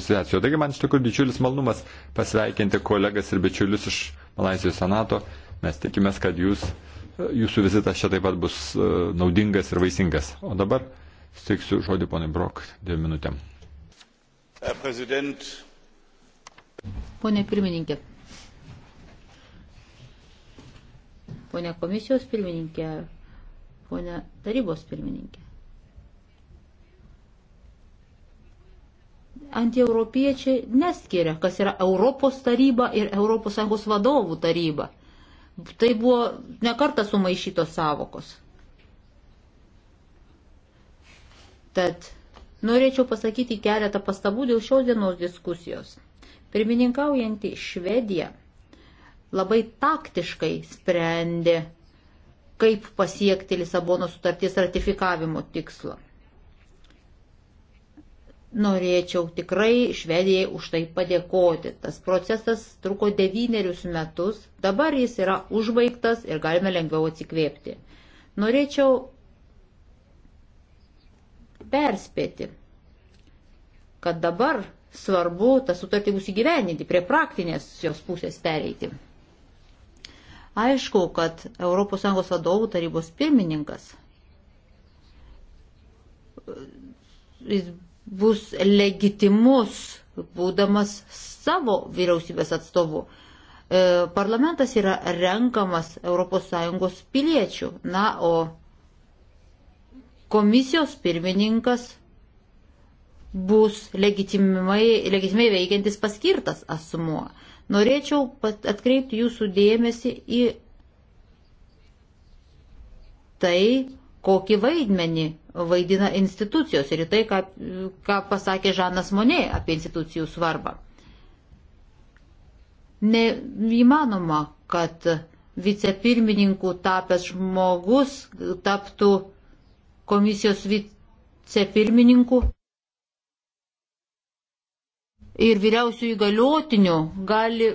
asociacijoje. Taigi man iš tikrųjų didžiulis malnumas pasveikinti kolegas ir bičiulius iš Malaisijos senato. Mes tikimės, kad jūs, jūsų vizitas čia taip pat bus e, naudingas ir vaisingas. O dabar steiksiu žodį ponai Brok dviem minutėm. Pone pirmininkė. Pone komisijos pirmininkė. Pone tarybos pirmininkė. antieuropiečiai neskiria, kas yra Europos taryba ir ES vadovų taryba. Tai buvo nekarta sumaišytos savokos. Tad norėčiau pasakyti keletą pastabų dėl šios dienos diskusijos. Pirmininkaujanti Švedija labai taktiškai sprendė, kaip pasiekti Lisabono sutarties ratifikavimo tikslą. Norėčiau tikrai Švedijai už tai padėkoti. Tas procesas truko devynerius metus, dabar jis yra užbaigtas ir galime lengviau atsikvėpti. Norėčiau perspėti, kad dabar svarbu tą sutartį bus įgyveninti, prie praktinės jos pusės pereiti. Aišku, kad ES vadovų tarybos pirmininkas, jis bus legitimus, būdamas savo vyriausybės atstovu. E, parlamentas yra renkamas ES piliečių, na, o komisijos pirmininkas bus legitimai, legitimai veikiantis paskirtas asmuo. Norėčiau atkreipti jūsų dėmesį į tai, kokį vaidmenį vaidina institucijos ir į tai, ką, ką pasakė Žanas Monė apie institucijų svarbą. Neįmanoma, kad vicepirmininkų tapęs žmogus taptų komisijos vicepirmininku ir vyriausių įgaliotinių gali,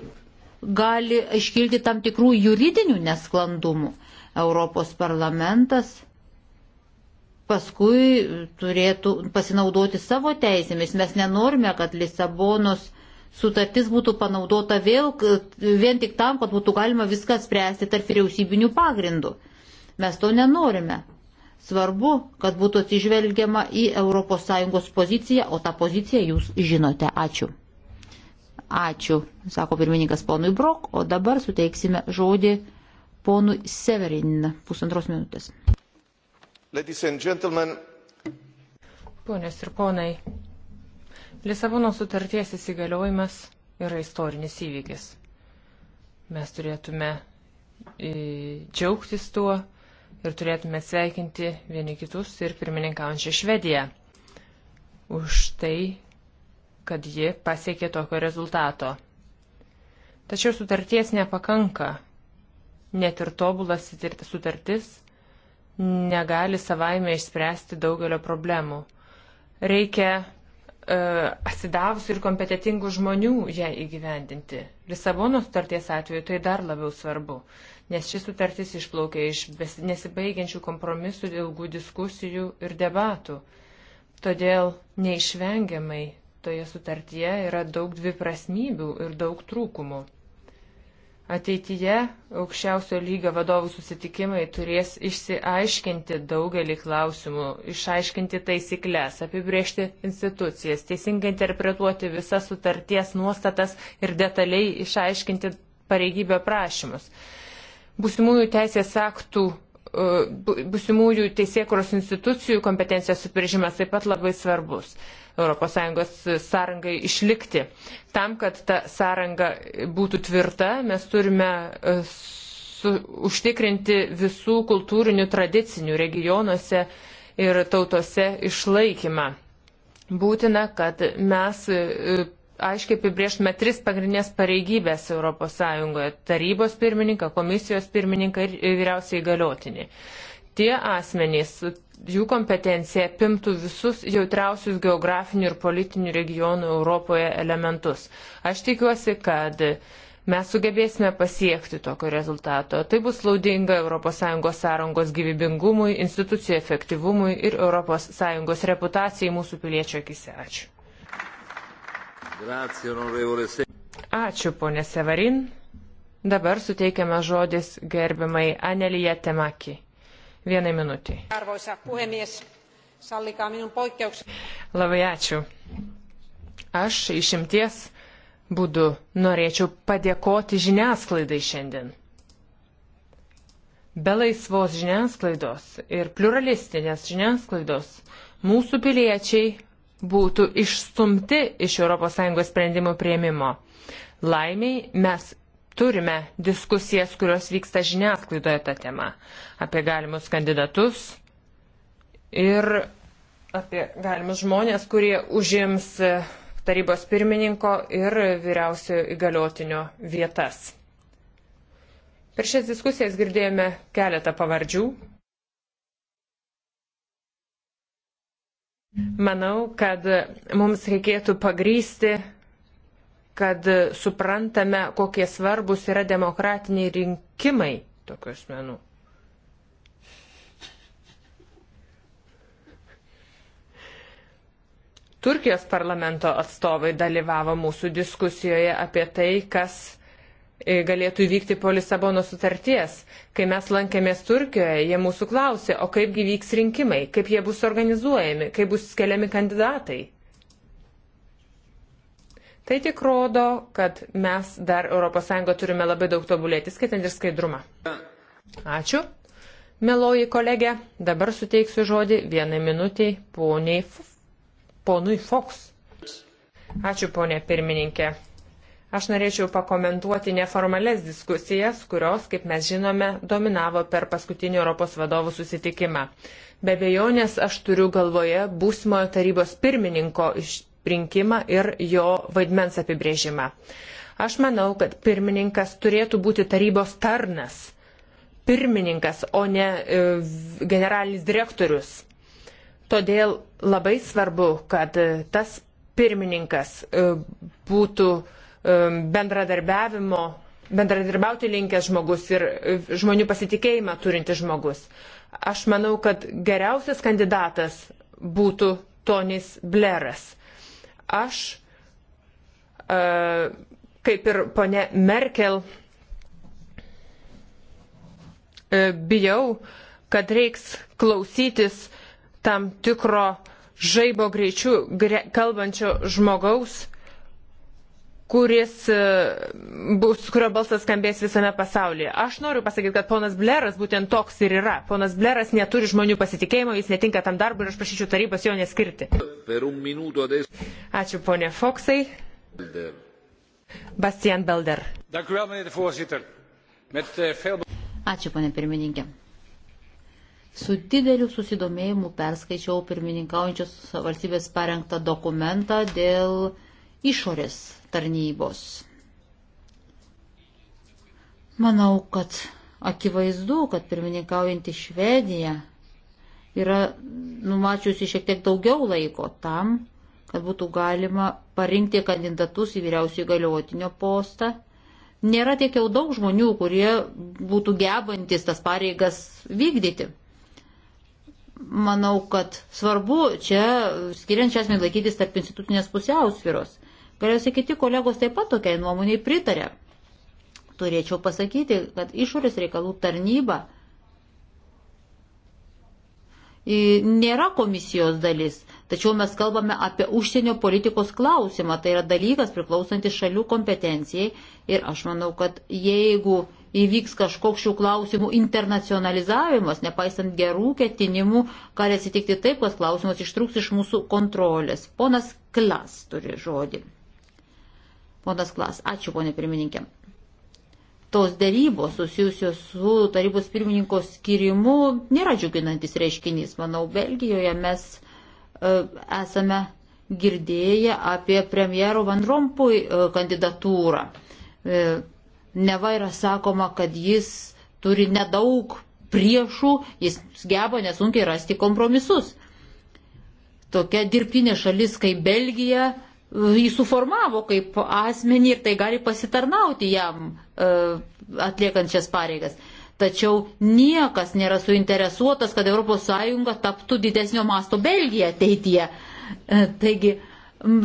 gali iškilti tam tikrų juridinių nesklandumų. Europos parlamentas paskui turėtų pasinaudoti savo teisėmis. Mes nenorime, kad Lisabonos sutartis būtų panaudota vėl, vien tik tam, kad būtų galima viską spręsti tarp vyriausybinių pagrindų. Mes to nenorime. Svarbu, kad būtų atsižvelgiama į ES poziciją, o tą poziciją jūs žinote. Ačiū. Ačiū, sako pirmininkas ponui Brok, o dabar suteiksime žodį ponui Severin pusantros minutės. Ladies and gentlemen. Ponios ir ponai, Lisabono sutarties įsigaliojimas yra istorinis įvykis. Mes turėtume e, džiaugtis tuo ir turėtume sveikinti vieni kitus ir pirmininkaujančią Švediją už tai, kad ji pasiekė tokio rezultato. Tačiau sutarties nepakanka. Net ir tobulas sutartis negali savaime išspręsti daugelio problemų. Reikia e, atsidavusių ir kompetitingų žmonių ją įgyvendinti. Lisabono sutarties atveju tai dar labiau svarbu, nes ši sutartis išplaukia iš nesibaigiančių kompromisų, ilgų diskusijų ir debatų. Todėl neišvengiamai toje sutartyje yra daug dviprasmybių ir daug trūkumų. Ateityje aukščiausio lygio vadovų susitikimai turės išsiaiškinti daugelį klausimų, išaiškinti taisyklės, apibriežti institucijas, teisingai interpretuoti visas sutarties nuostatas ir detaliai išaiškinti pareigybę prašymus. Būsimųjų teisės aktų, e, būsimųjų teisėkuros institucijų kompetencijos supriežimas taip pat labai svarbus. ES sąrangai išlikti. Tam, kad ta sąranga būtų tvirta, mes turime e, su, užtikrinti visų kultūrinių tradicinių regionuose ir tautose išlaikymą. Būtina, kad mes e, aiškiai apibrieštume tris pagrindinės pareigybės ES - tarybos pirmininką, komisijos pirmininką ir vyriausiai galiotinį tie asmenys, jų kompetencija apimtų visus jautriausius geografinių ir politinių regionų Europoje elementus. Aš tikiuosi, kad mes sugebėsime pasiekti tokio rezultato. Tai bus laudinga ES sąrangos gyvybingumui, institucijų efektyvumui ir ES reputacijai mūsų piliečio akise. Ačiū. Ačiū, ponė Severin. Dabar suteikiame žodis gerbiamai Anelija Temaki vienai minutiai. Arvoisa puhemies, sallikaa minun poikkeuksen. Labai ačiū. Aš išimties būdu norėčiau padėkoti žiniasklaidai šiandien. Be laisvos žiniasklaidos ir pluralistinės žiniasklaidos mūsų piliečiai būtų išstumti iš ES sprendimų prieimimo. Laimiai mes Turime diskusijas, kurios vyksta žiniasklaidoje tą temą apie galimus kandidatus ir apie galimus žmonės, kurie užims e, tarybos pirmininko ir vyriausiojo įgaliotinio vietas. Per šias diskusijas girdėjome keletą pavardžių. Manau, kad mums reikėtų pagrysti kad suprantame, kokie svarbus yra demokratiniai rinkimai tokių asmenų. Turkijos parlamento atstovai dalyvavo mūsų diskusijoje apie tai, kas e, galėtų įvykti po Lisabono sutarties. Kai mes lankėmės Turkijoje, jie mūsų klausė, o kaipgi vyks rinkimai, kaip jie bus organizuojami, kaip bus skeliami kandidatai. Tai tik rodo, kad mes dar ES turime labai daug tobulėti, skaitant ir skaidrumą. Ačiū. Meloji kolegė, dabar suteiksiu žodį vienai minutiai poniai, ponui Fox. Ačiū, ponė pirmininkė. Aš norėčiau pakomentuoti neformales diskusijas, kurios, kaip mes žinome, dominavo per paskutinį Europos vadovų susitikimą. Be bejonės aš turiu galvoje būsimojo tarybos pirmininko iš rinkimą ir jo vaidmens apibrėžimą. Aš manau, kad pirmininkas turėtų būti tarybos tarnas. Pirmininkas, o ne e, generalinis direktorius. Todėl labai svarbu, kad e, tas pirmininkas e, būtų bendradarbiavimo, bendradarbiauti linkęs žmogus ir žmonių pasitikėjimą turintis žmogus. Aš manau, kad geriausias kandidatas būtų Tonis Bleras. Aš, e, kaip ir ponė Merkel, e, bijau, kad reiks klausytis tam tikro žaibo greičių kalbančio žmogaus, kuris e, bus, kurio balsas skambės visame pasaulyje. Aš noriu pasakyti, kad ponas Bleras būtent toks ir yra. Ponas Bleras neturi žmonių pasitikėjimo, jis netinka tam darbui ir aš prašyčiau tarybos jo neskirti. Ačiū ponė Foksai. Bastian Belder. Eh, Ačiū ponė pirmininkė. Su dideliu susidomėjimu perskaičiau pirmininkaujančios valstybės parengtą dokumentą dėl išorės tarnybos. Manau, kad akivaizdu, kad pirmininkaujantį Švediją yra numačiusi šiek tiek daugiau laiko tam, kad būtų galima parinkti kandidatus į vyriausiųjų galiotinio postą. Nėra tiek jau daug žmonių, kurie būtų gebantis tas pareigas vykdyti. Manau, kad svarbu čia skiriant šias min laikytis tarp institutinės pusiausviros. Galiausiai kiti kolegos taip pat tokiai nuomoniai pritarė. Turėčiau pasakyti, kad išorės reikalų tarnyba nėra komisijos dalis, tačiau mes kalbame apie užsienio politikos klausimą, tai yra dalykas priklausantis šalių kompetencijai ir aš manau, kad jeigu įvyks kažkoks šių klausimų internacionalizavimas, nepaisant gerų ketinimų, gali atsitikti taip, kad klausimas ištruks iš mūsų kontrolės. Ponas Klas turi žodį. Ponas Klas, ačiū, ponė pirmininkė. Tos dėrybos susijusios su tarybos pirmininko skirimu nėra džiuginantis reiškinys. Manau, Belgijoje mes e, esame girdėję apie premjero Van Rompui e, kandidatūrą. E, neva yra sakoma, kad jis turi nedaug priešų, jis geba nesunkiai rasti kompromisus. Tokia dirbtinė šalis kaip Belgija jį suformavo kaip asmenį ir tai gali pasitarnauti jam e, atliekant šias pareigas. Tačiau niekas nėra suinteresuotas, kad ES taptų didesnio masto Belgija ateityje. E, taigi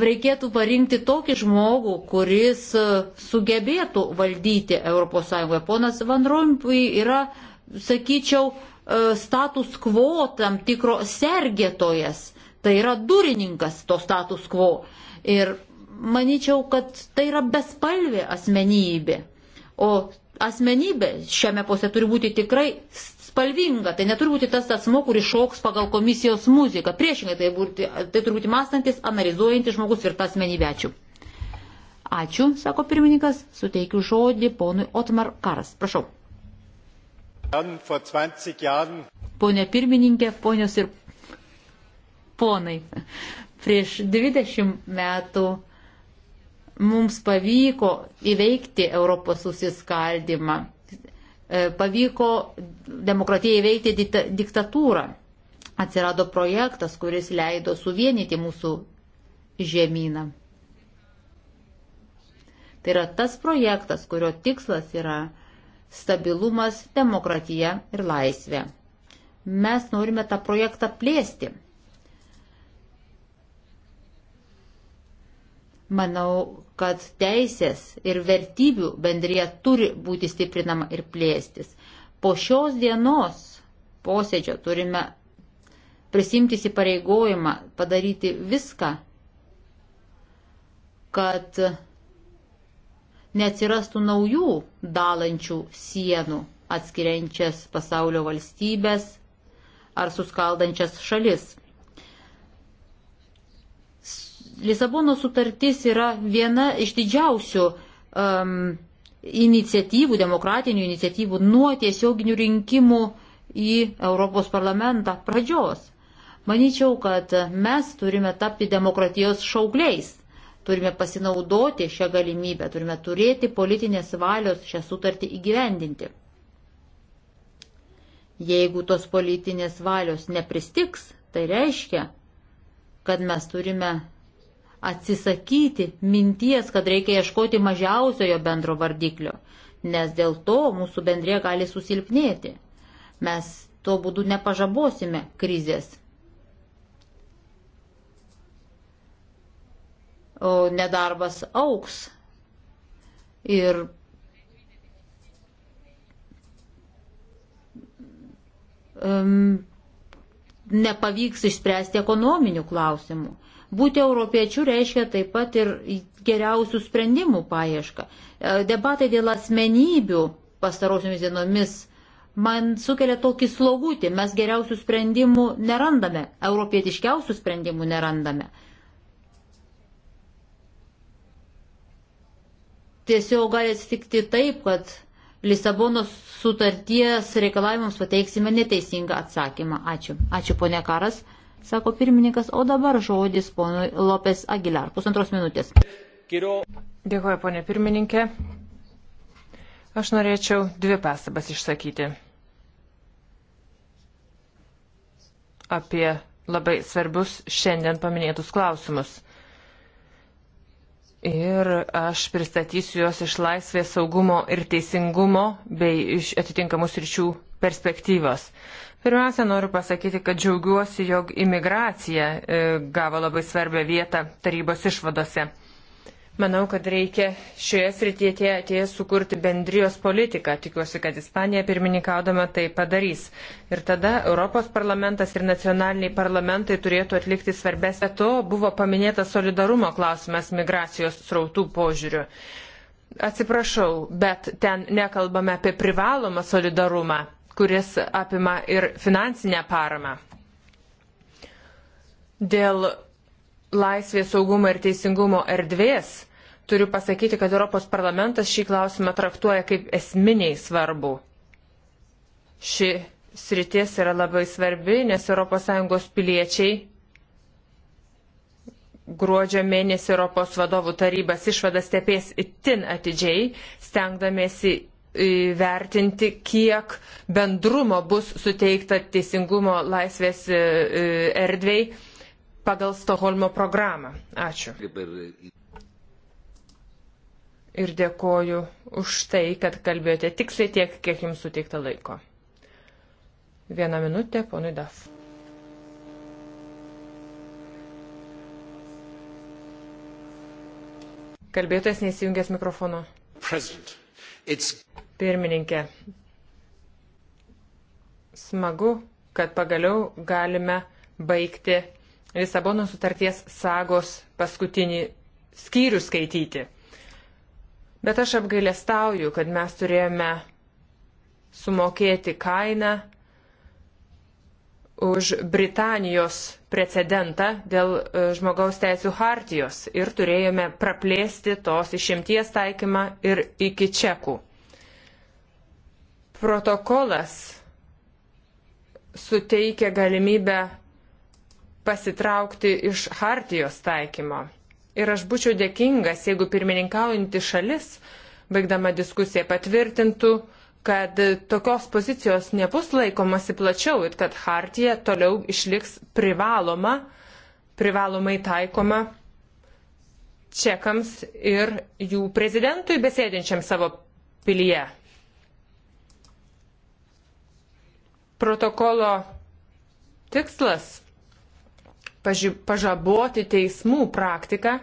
reikėtų parinkti tokį žmogų, kuris e, sugebėtų valdyti ES. Ponas Van Rompuy yra, sakyčiau, status quo tam tikro sergėtojas. Tai yra durininkas to status quo. Ir manyčiau, kad tai yra bespalvė asmenybė. O asmenybė šiame pose turi būti tikrai spalvinga. Tai neturi būti tas asmo, kuris šoks pagal komisijos muziką. Priešingai, tai, būti, tai turi būti mąstantis, analizuojantis žmogus ir ta asmenybė. Ačiū. Ačiū, sako pirmininkas, suteikiu žodį ponui Otmar Karas. Prašau. Pone pirmininkė, ponios ir ponai. Prieš 20 metų mums pavyko įveikti Europos susiskaldimą, e, pavyko demokratijai įveikti diktatūrą. Atsirado projektas, kuris leido suvienyti mūsų žemyną. Tai yra tas projektas, kurio tikslas yra stabilumas, demokratija ir laisvė. Mes norime tą projektą plėsti. Manau, kad teisės ir vertybių bendrėje turi būti stiprinama ir plėstis. Po šios dienos posėdžio turime prisimti įsipareigojimą padaryti viską, kad neatsirastų naujų dalančių sienų atskiriančias pasaulio valstybės ar suskaldančias šalis. Lisabono sutartis yra viena iš didžiausių um, iniciatyvų, demokratinių iniciatyvų nuo tiesioginių rinkimų į Europos parlamentą pradžios. Maničiau, kad mes turime tapti demokratijos šaukliais, turime pasinaudoti šią galimybę, turime turėti politinės valios šią sutartį įgyvendinti. Jeigu tos politinės valios nepristiks, tai reiškia, kad mes turime atsisakyti minties, kad reikia ieškoti mažiausiojo bendro vardiklio, nes dėl to mūsų bendrė gali susilpnėti. Mes tuo būdu nepažabosime krizės. O nedarbas auks. Ir um, nepavyks išspręsti ekonominių klausimų. Būti europiečių reiškia taip pat ir geriausių sprendimų paiešką. E, debatai dėl asmenybių pastarosiomis dienomis man sukelia tokį slogutį. Mes geriausių sprendimų nerandame, europietiškiausių sprendimų nerandame. Tiesiog gali atsitikti taip, kad Lisabonos sutarties reikalavimams pateiksime neteisingą atsakymą. Ačiū. Ačiū, ponė Karas sako pirmininkas, o dabar žodis ponui Lopes Aguilar, pusantros minutės. Dėkuoju, ponė pirmininkė. Aš norėčiau dvi pastabas išsakyti apie labai svarbius šiandien paminėtus klausimus. Ir aš pristatysiu juos iš laisvės saugumo ir teisingumo bei iš atitinkamų sričių perspektyvos. Pirmiausia, noriu pasakyti, kad džiaugiuosi, jog imigracija e, gavo labai svarbę vietą tarybos išvadose. Manau, kad reikia šioje srityje atėję sukurti bendrijos politiką. Tikiuosi, kad Ispanija pirmininkaudama tai padarys. Ir tada Europos parlamentas ir nacionaliniai parlamentai turėtų atlikti svarbes. Be to buvo paminėta solidarumo klausimas migracijos srautų požiūriu. Atsiprašau, bet ten nekalbame apie privalomą solidarumą kuris apima ir finansinę paramą. Dėl laisvės saugumo ir teisingumo erdvės turiu pasakyti, kad Europos parlamentas šį klausimą traktuoja kaip esminiai svarbu. Ši sritis yra labai svarbi, nes ES piliečiai gruodžio mėnesį Europos vadovų tarybas išvadas stebės itin atidžiai, stengdamėsi įvertinti, kiek bendrumo bus suteikta teisingumo laisvės e, e, erdvei pagal Stoholmo programą. Ačiū. Ir dėkoju už tai, kad kalbėjote tiksliai tiek, kiek jums suteikta laiko. Vieną minutę, ponui Daf. Kalbėtojas neįsijungęs mikrofono. President. It's... Pirmininkė, smagu, kad pagaliau galime baigti Lisabono sutarties sagos paskutinį skyrių skaityti. Bet aš apgailestauju, kad mes turėjome sumokėti kainą už Britanijos precedentą dėl e, žmogaus teisų hartijos ir turėjome praplėsti tos išimties taikymą ir iki čekų. Protokolas suteikia galimybę pasitraukti iš hartijos taikymo. Ir aš būčiau dėkingas, jeigu pirmininkaujanti šalis, baigdama diskusiją, patvirtintų, kad tokios pozicijos nebus laikomasi plačiau ir kad hartija toliau išliks privaloma, privalomai taikoma čekams ir jų prezidentui besėdinčiam savo pilyje. Protokolo tikslas pažaboti teismų praktiką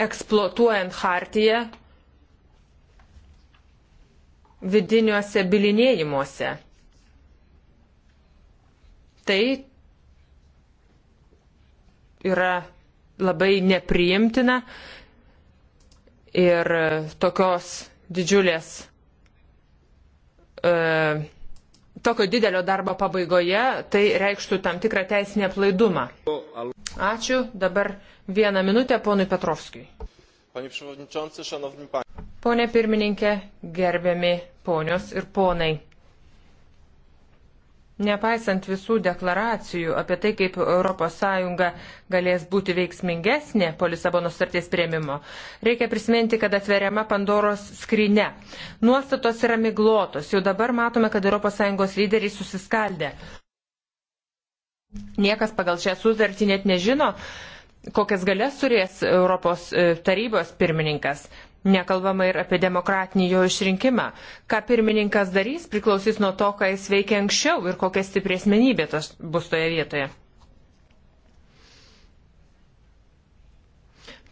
eksploatuojant hartiją vidiniuose bilinėjimuose. Tai yra labai nepriimtina ir tokios didžiulės, e, tokio didelio darbo pabaigoje tai reikštų tam tikrą teisinę plaidumą. Ačiū. Dabar Vieną minutę ponui Petrovskijui. Pone pirmininkė, gerbiami ponios ir ponai. Nepaisant visų deklaracijų apie tai, kaip ES galės būti veiksmingesnė po Lisabono sarties prieimimo, reikia prisiminti, kad atveriama Pandoros skrinė. Nuostatos yra miglotos. Jau dabar matome, kad ES lyderiai susiskaldė. Niekas pagal šią sutartį net nežino, kokias galės turės Europos e, tarybos pirmininkas. Nekalbama ir apie demokratinį jo išrinkimą. Ką pirmininkas darys, priklausys nuo to, ką jis veikia anksčiau ir kokia stipri asmenybė tos bus toje vietoje.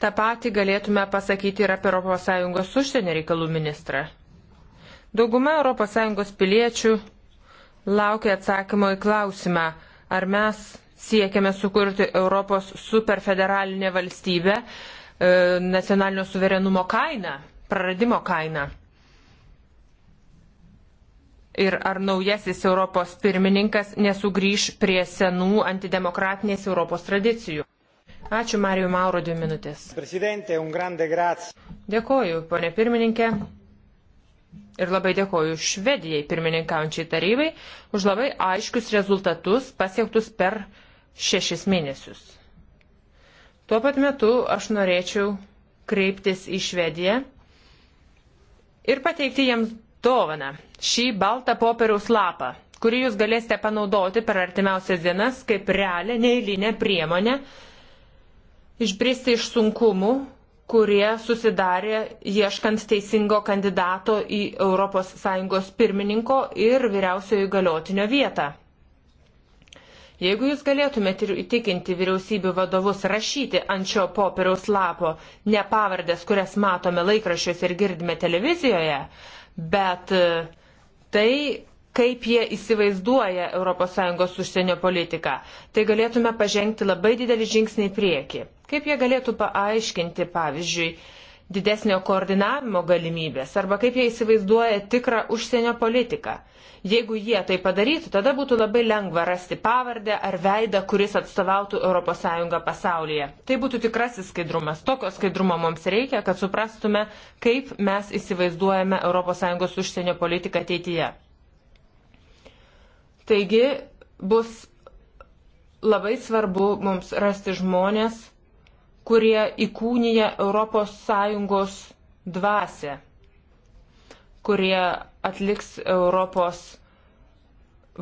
Ta patį galėtume pasakyti ir apie ES užsienio reikalų ministrą. Dauguma ES piliečių laukia atsakymo į klausimą, ar mes siekiame sukurti Europos superfederalinę valstybę e, nacionalinio suverenumo kainą, praradimo kainą. Ir ar naujasis Europos pirmininkas nesugrįž prie senų antidemokratinės Europos tradicijų? Ačiū Mariju Mauro dvi minutės. Dėkoju, ponė pirmininkė. Ir labai dėkoju Švedijai pirmininkaujančiai tarybai už labai aiškius rezultatus pasiektus per šešis mėnesius. Tuo pat metu aš norėčiau kreiptis į Švediją ir pateikti jiems dovaną šį baltą popieriaus lapą, kurį jūs galėsite panaudoti per artimiausias dienas kaip realią neįlinę priemonę išbristi iš sunkumų, kurie susidarė ieškant teisingo kandidato į ES pirmininko ir vyriausiojo įgaliotinio vietą. Jeigu jūs galėtumėte įtikinti vyriausybių vadovus rašyti ant šio popieriaus lapo ne pavardės, kurias matome laikrašiuose ir girdime televizijoje, bet e, tai, kaip jie įsivaizduoja ES užsienio politiką, tai galėtume pažengti labai didelį žingsnį į priekį. Kaip jie galėtų paaiškinti, pavyzdžiui, didesnio koordinavimo galimybės arba kaip jie įsivaizduoja tikrą užsienio politiką. Jeigu jie tai padarytų, tada būtų labai lengva rasti pavardę ar veidą, kuris atstovautų ES pasaulyje. Tai būtų tikrasis skaidrumas. Tokio skaidrumo mums reikia, kad suprastume, kaip mes įsivaizduojame ES užsienio politiką ateityje. Taigi bus labai svarbu mums rasti žmonės, kurie įkūnyja ES dvasę, kurie atliks Europos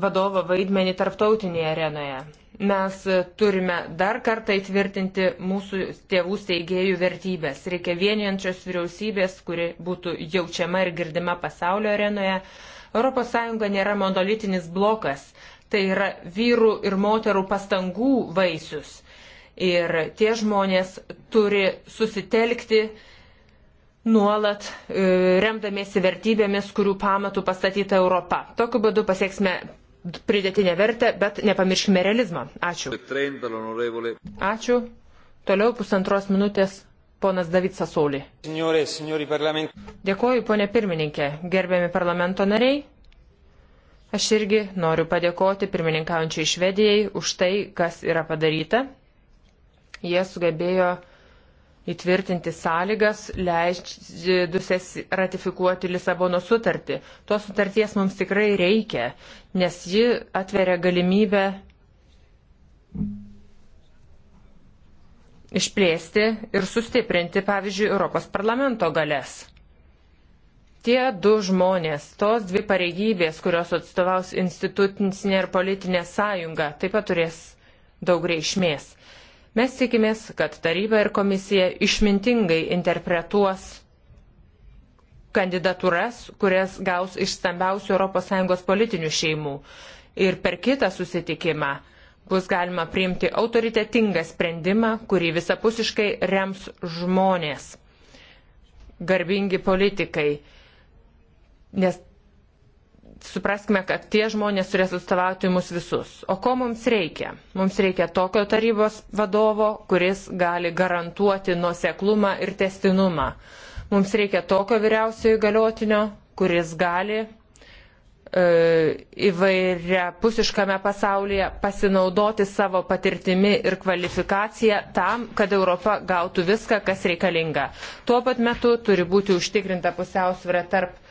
vadovo vaidmenį tarptautinėje arenoje. Mes turime dar kartą įtvirtinti mūsų tėvų steigėjų vertybės. Reikia vienijančios vyriausybės, kuri būtų jaučiama ir girdima pasaulio arenoje. ES nėra monolitinis blokas, tai yra vyrų ir moterų pastangų vaisius ir tie žmonės turi susitelkti nuolat e, remdamiesi vertybėmis, kurių pamatų pastatyta Europa. Tokiu būdu pasieksime pridėtinę vertę, bet nepamirškime realizmą. Ačiū. Ačiū. Toliau pusantros minutės ponas David Sasolį. Dėkuoju, ponė pirmininkė, gerbiami parlamento nariai. Aš irgi noriu padėkoti pirmininkaujančiai Švedijai už tai, kas yra padaryta Jie sugebėjo įtvirtinti sąlygas, leidžiantis ratifikuoti Lisabono sutartį. Tos sutarties mums tikrai reikia, nes ji atveria galimybę išplėsti ir sustiprinti, pavyzdžiui, Europos parlamento galės. Tie du žmonės, tos dvi pareigybės, kurios atstovaus institucinė ir politinė sąjunga, taip pat turės daug reikšmės. Mes tikimės, kad taryba ir komisija išmintingai interpretuos kandidatūras, kurias gaus iš stambiausių ES politinių šeimų. Ir per kitą susitikimą bus galima priimti autoritetingą sprendimą, kurį visapusiškai rems žmonės, garbingi politikai. Nes supraskime, kad tie žmonės turės atstovauti mus visus. O ko mums reikia? Mums reikia tokio tarybos vadovo, kuris gali garantuoti nuoseklumą ir testinumą. Mums reikia tokio vyriausiojo įgaliotinio, kuris gali e, įvairia pusiškame pasaulyje pasinaudoti savo patirtimi ir kvalifikaciją tam, kad Europa gautų viską, kas reikalinga. Tuo pat metu turi būti užtikrinta pusiausvėra tarp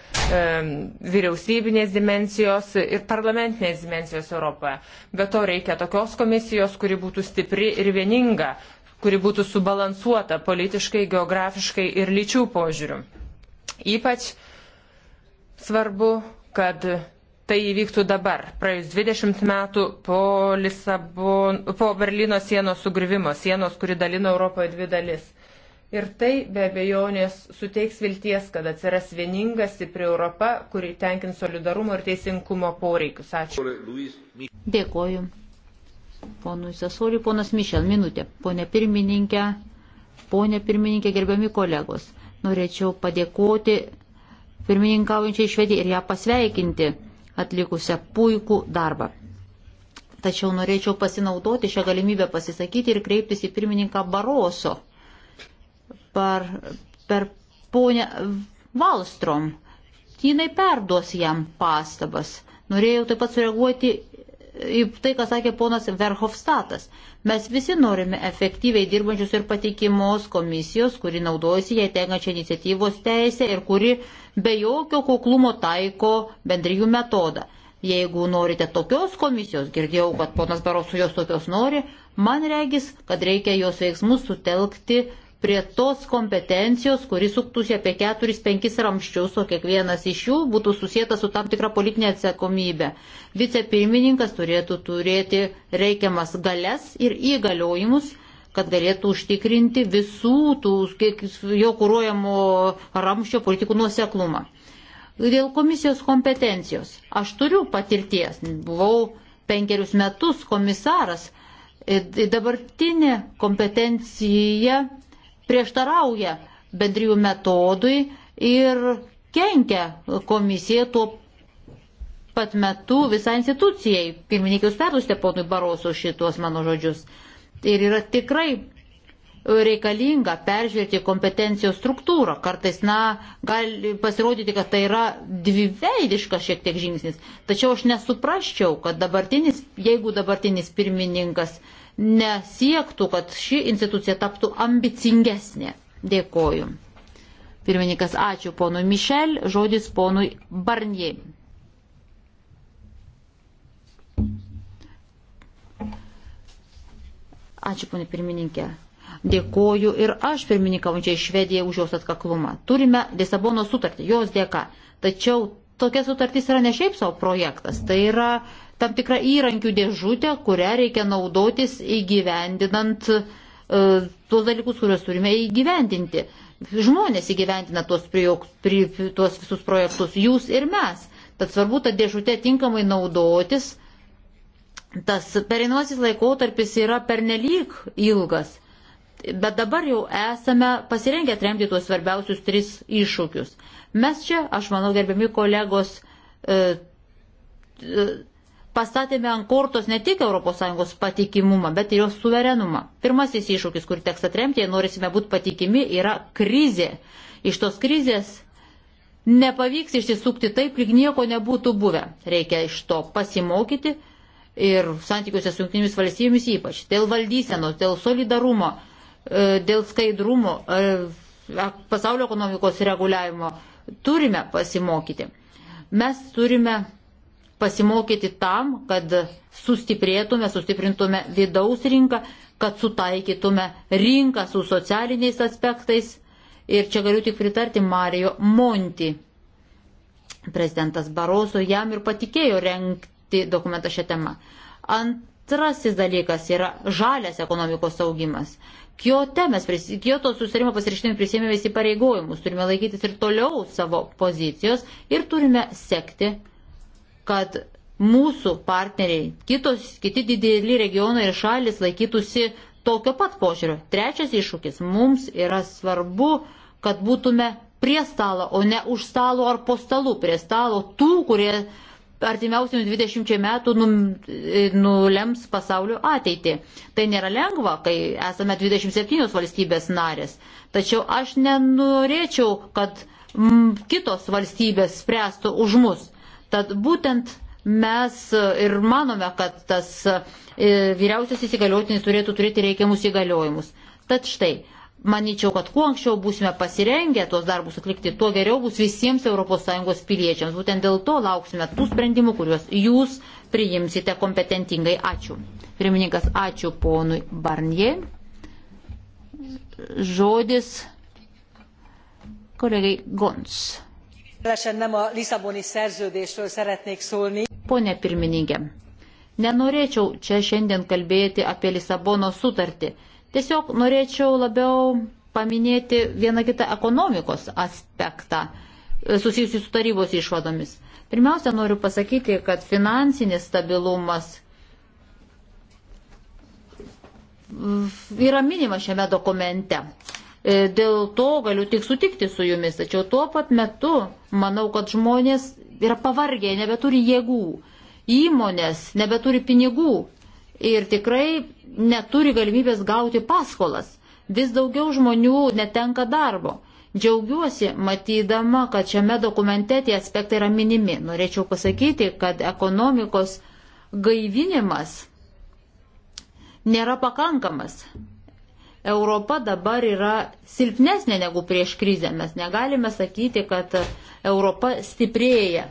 vyriausybinės dimensijos ir parlamentinės dimensijos Europoje. Be to reikia tokios komisijos, kuri būtų stipri ir vieninga, kuri būtų subalansuota politiškai, geografiškai ir lyčių požiūrių. Ypač svarbu, kad tai įvyktų dabar, praėjus 20 metų po, Lisabon, po Berlyno sienos sugrįvimo, sienos, kuri dalino Europoje dvi dalis. Ir tai be abejonės suteiks vilties, kad atsiras vieninga, stipri Europa, kuri tenkins solidarumo ir teisingumo poreikius. Ačiū. Dėkoju. Ponui Sasoriui, ponas Mišel, minutė. Pone pirmininkė, ponė pirmininkė, gerbiami kolegos. Norėčiau padėkoti pirmininkaujančiai švedijai ir ją pasveikinti atlikusią puikų darbą. Tačiau norėčiau pasinaudoti šią galimybę pasisakyti ir kreiptis į pirmininką Baroso par, per ponę Valstrom. Jinai perduos jam pastabas. Norėjau taip pat sureaguoti į tai, ką sakė ponas Verhofstatas. Mes visi norime efektyviai dirbančius ir patikimos komisijos, kuri naudojasi jai tenkančią iniciatyvos teisę ir kuri be jokio kuklumo taiko bendrijų metodą. Jeigu norite tokios komisijos, girdėjau, kad ponas Barosų jos tokios nori, man regis, kad reikia jos veiksmus sutelkti prie tos kompetencijos, kuris suktųsi apie 4-5 ramščius, o kiekvienas iš jų būtų susijęta su tam tikra politinė atsakomybė. Vicepirmininkas turėtų turėti reikiamas galias ir įgaliojimus, kad galėtų užtikrinti visų tų, jo kūruojamo ramščio politikų nuoseklumą. Dėl komisijos kompetencijos. Aš turiu patirties. Buvau penkerius metus komisaras. Dabartinė kompetencija prieštarauja bendrijų metodui ir kenkia komisija tuo pat metu visai institucijai. Pirmininkai, jūs perduosite ponui Baroso šitos mano žodžius. Ir yra tikrai reikalinga peržiūrėti kompetencijos struktūrą. Kartais, na, gali pasirodyti, kad tai yra dviveidiškas šiek tiek žingsnis. Tačiau aš nesuprasčiau, kad dabartinis, jeigu dabartinis pirmininkas uh, nesiektų, kad ši institucija taptų ambicingesnė. Dėkoju. Pirmininkas, ačiū ponui Mišel, žodis ponui Barnie. Ačiū, ponė pirmininkė. Dėkoju ir aš pirmininkaujančiai Švedijai už jos atkaklumą. Turime Lisabono sutartį, jos dėka. Tačiau tokia sutartis yra ne šiaip savo projektas, tai yra uh, tam tikrą įrankių dėžutę, kurią reikia naudotis įgyvendinant e, tuos dalykus, kuriuos turime įgyvendinti. Žmonės įgyvendina tuos, prijok, pri, tuos visus projektus, jūs ir mes. Tad svarbu tą dėžutę tinkamai naudotis. Tas perinasis laikotarpis yra pernelyg ilgas, bet dabar jau esame pasirengę atremti tuos svarbiausius tris iššūkius. Mes čia, aš manau, gerbiami kolegos, e, e, pastatėme ant kortos ne tik ES patikimumą, bet ir jos suverenumą. Pirmasis iššūkis, kurį teks atremti, jei norėsime būti patikimi, yra krizė. Iš tos krizės nepavyks išsisukti taip, lyg nieko nebūtų buvę. Reikia iš to pasimokyti ir santykiuose su jungtinėmis valstybėmis ypač. Dėl valdysenos, dėl solidarumo, e, dėl skaidrumo, e, pasaulio ekonomikos reguliavimo turime pasimokyti. Mes turime pasimokyti tam, kad sustiprėtume, sustiprintume vidaus rinką, kad sutaikytume rinką su socialiniais aspektais. Ir čia galiu tik pritarti Mario Monti. Prezidentas Baroso jam ir patikėjo renkti dokumentą šią temą. Antrasis dalykas yra žalias ekonomikos augimas. Kyoto mes, Kyoto susirimo pasirašydami prisėmėme įsipareigojimus, turime laikytis ir toliau savo pozicijos ir turime sekti kad mūsų partneriai, kitos, kiti dideli regionai ir šalis laikytųsi tokio pat požiūrio. Trečias iššūkis - mums yra svarbu, kad būtume prie stalo, o ne už stalo ar po stalu, prie stalo tų, kurie artimiausiams 20 metų e, nulems pasaulio ateitį. Tai nėra lengva, kai esame 27 valstybės narės. Tačiau aš nenorėčiau, kad m, kitos valstybės spręstų už mus. Tad būtent mes ir manome, kad tas e, vyriausias įsigaliotinis turėtų turėti reikiamus įgaliojimus. Tad štai, manyčiau, kad kuo anksčiau būsime pasirengę tuos darbus atlikti, tuo geriau bus visiems ES piliečiams. Būtent dėl to lauksime tų sprendimų, kuriuos jūs priimsite kompetentingai. Ačiū. Pirmininkas, ačiū ponui Barnie. Žodis kolegai Gons. Pone pirmininkė, nenorėčiau čia šiandien kalbėti apie Lisabono sutartį. Tiesiog norėčiau labiau paminėti vieną kitą ekonomikos aspektą e, susijusiu su tarybos išvadomis. Pirmiausia, noriu pasakyti, kad finansinis stabilumas yra minimas šiame dokumente. E, dėl to galiu tik sutikti su jumis, tačiau tuo pat metu manau, kad žmonės yra pavargę, nebeturi jėgų, įmonės nebeturi pinigų ir tikrai neturi galimybės gauti paskolas. Vis daugiau žmonių netenka darbo. Džiaugiuosi matydama, kad šiame dokumente tie aspektai yra minimi. Norėčiau pasakyti, kad ekonomikos gaivinimas nėra pakankamas. Europa dabar yra silpnesnė negu prieš krizę. Mes negalime sakyti, kad Europa stiprėja.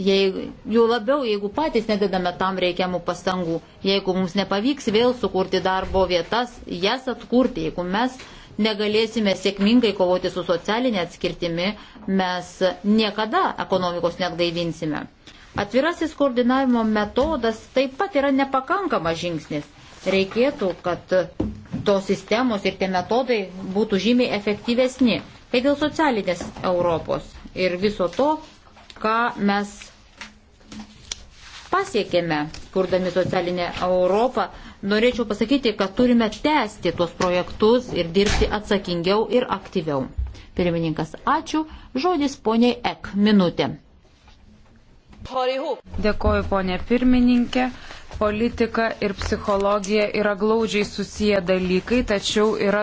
Jei, jau labiau, jeigu patys nededame tam reikiamų pastangų, jeigu mums nepavyks vėl sukurti darbo vietas, jas atkurti, jeigu mes negalėsime sėkmingai kovoti su socialinė atskirtimi, mes niekada ekonomikos neatgaivinsime. Atvirasis koordinavimo metodas taip pat yra nepakankamas žingsnis. Reikėtų, kad tos sistemos ir tie metodai būtų žymiai efektyvesni. Tai dėl socialinės Europos ir viso to, ką mes pasiekėme, kurdami socialinę Europą, norėčiau pasakyti, kad turime tęsti tuos projektus ir dirbti atsakingiau ir aktyviau. Pirmininkas, ačiū. Žodis poniai Ek, minutė. Dėkoju, ponė pirmininkė politika ir psichologija yra glaudžiai susiję dalykai, tačiau yra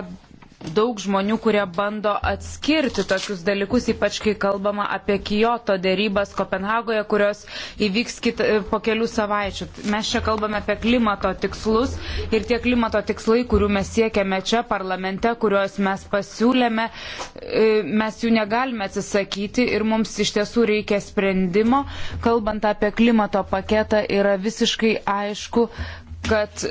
daug žmonių, kurie bando atskirti tokius dalykus, ypač kai kalbama apie Kyoto dėrybas Kopenhagoje, kurios įvyks kit, e, po kelių savaičių. Mes čia kalbame apie klimato tikslus ir tie klimato tikslai, kurių mes siekiame čia parlamente, kuriuos mes pasiūlėme, e, mes jų negalime atsisakyti ir mums iš tiesų reikia sprendimo. Kalbant apie klimato paketą, yra visiškai aišku, kad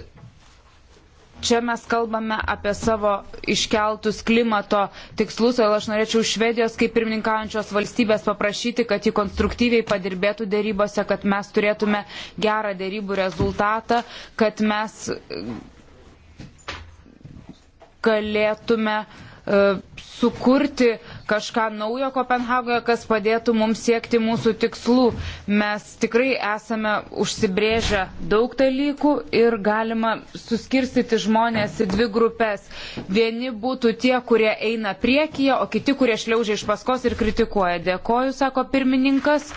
čia mes kalbame apie savo iškeltus klimato tikslus, o aš norėčiau Švedijos kaip pirmininkaujančios valstybės paprašyti, kad jį konstruktyviai padirbėtų dėrybose, kad mes turėtume gerą dėrybų rezultatą, kad mes e, galėtume e, sukurti uh, kažką naujo Kopenhagoje, kas padėtų mums siekti mūsų tikslų. Mes tikrai esame užsibrėžę daug dalykų ir galima suskirstyti žmonės į dvi grupės. Vieni būtų tie, kurie eina priekyje, o kiti, kurie šliaužia iš paskos ir kritikuoja. Dėkoju, sako pirmininkas.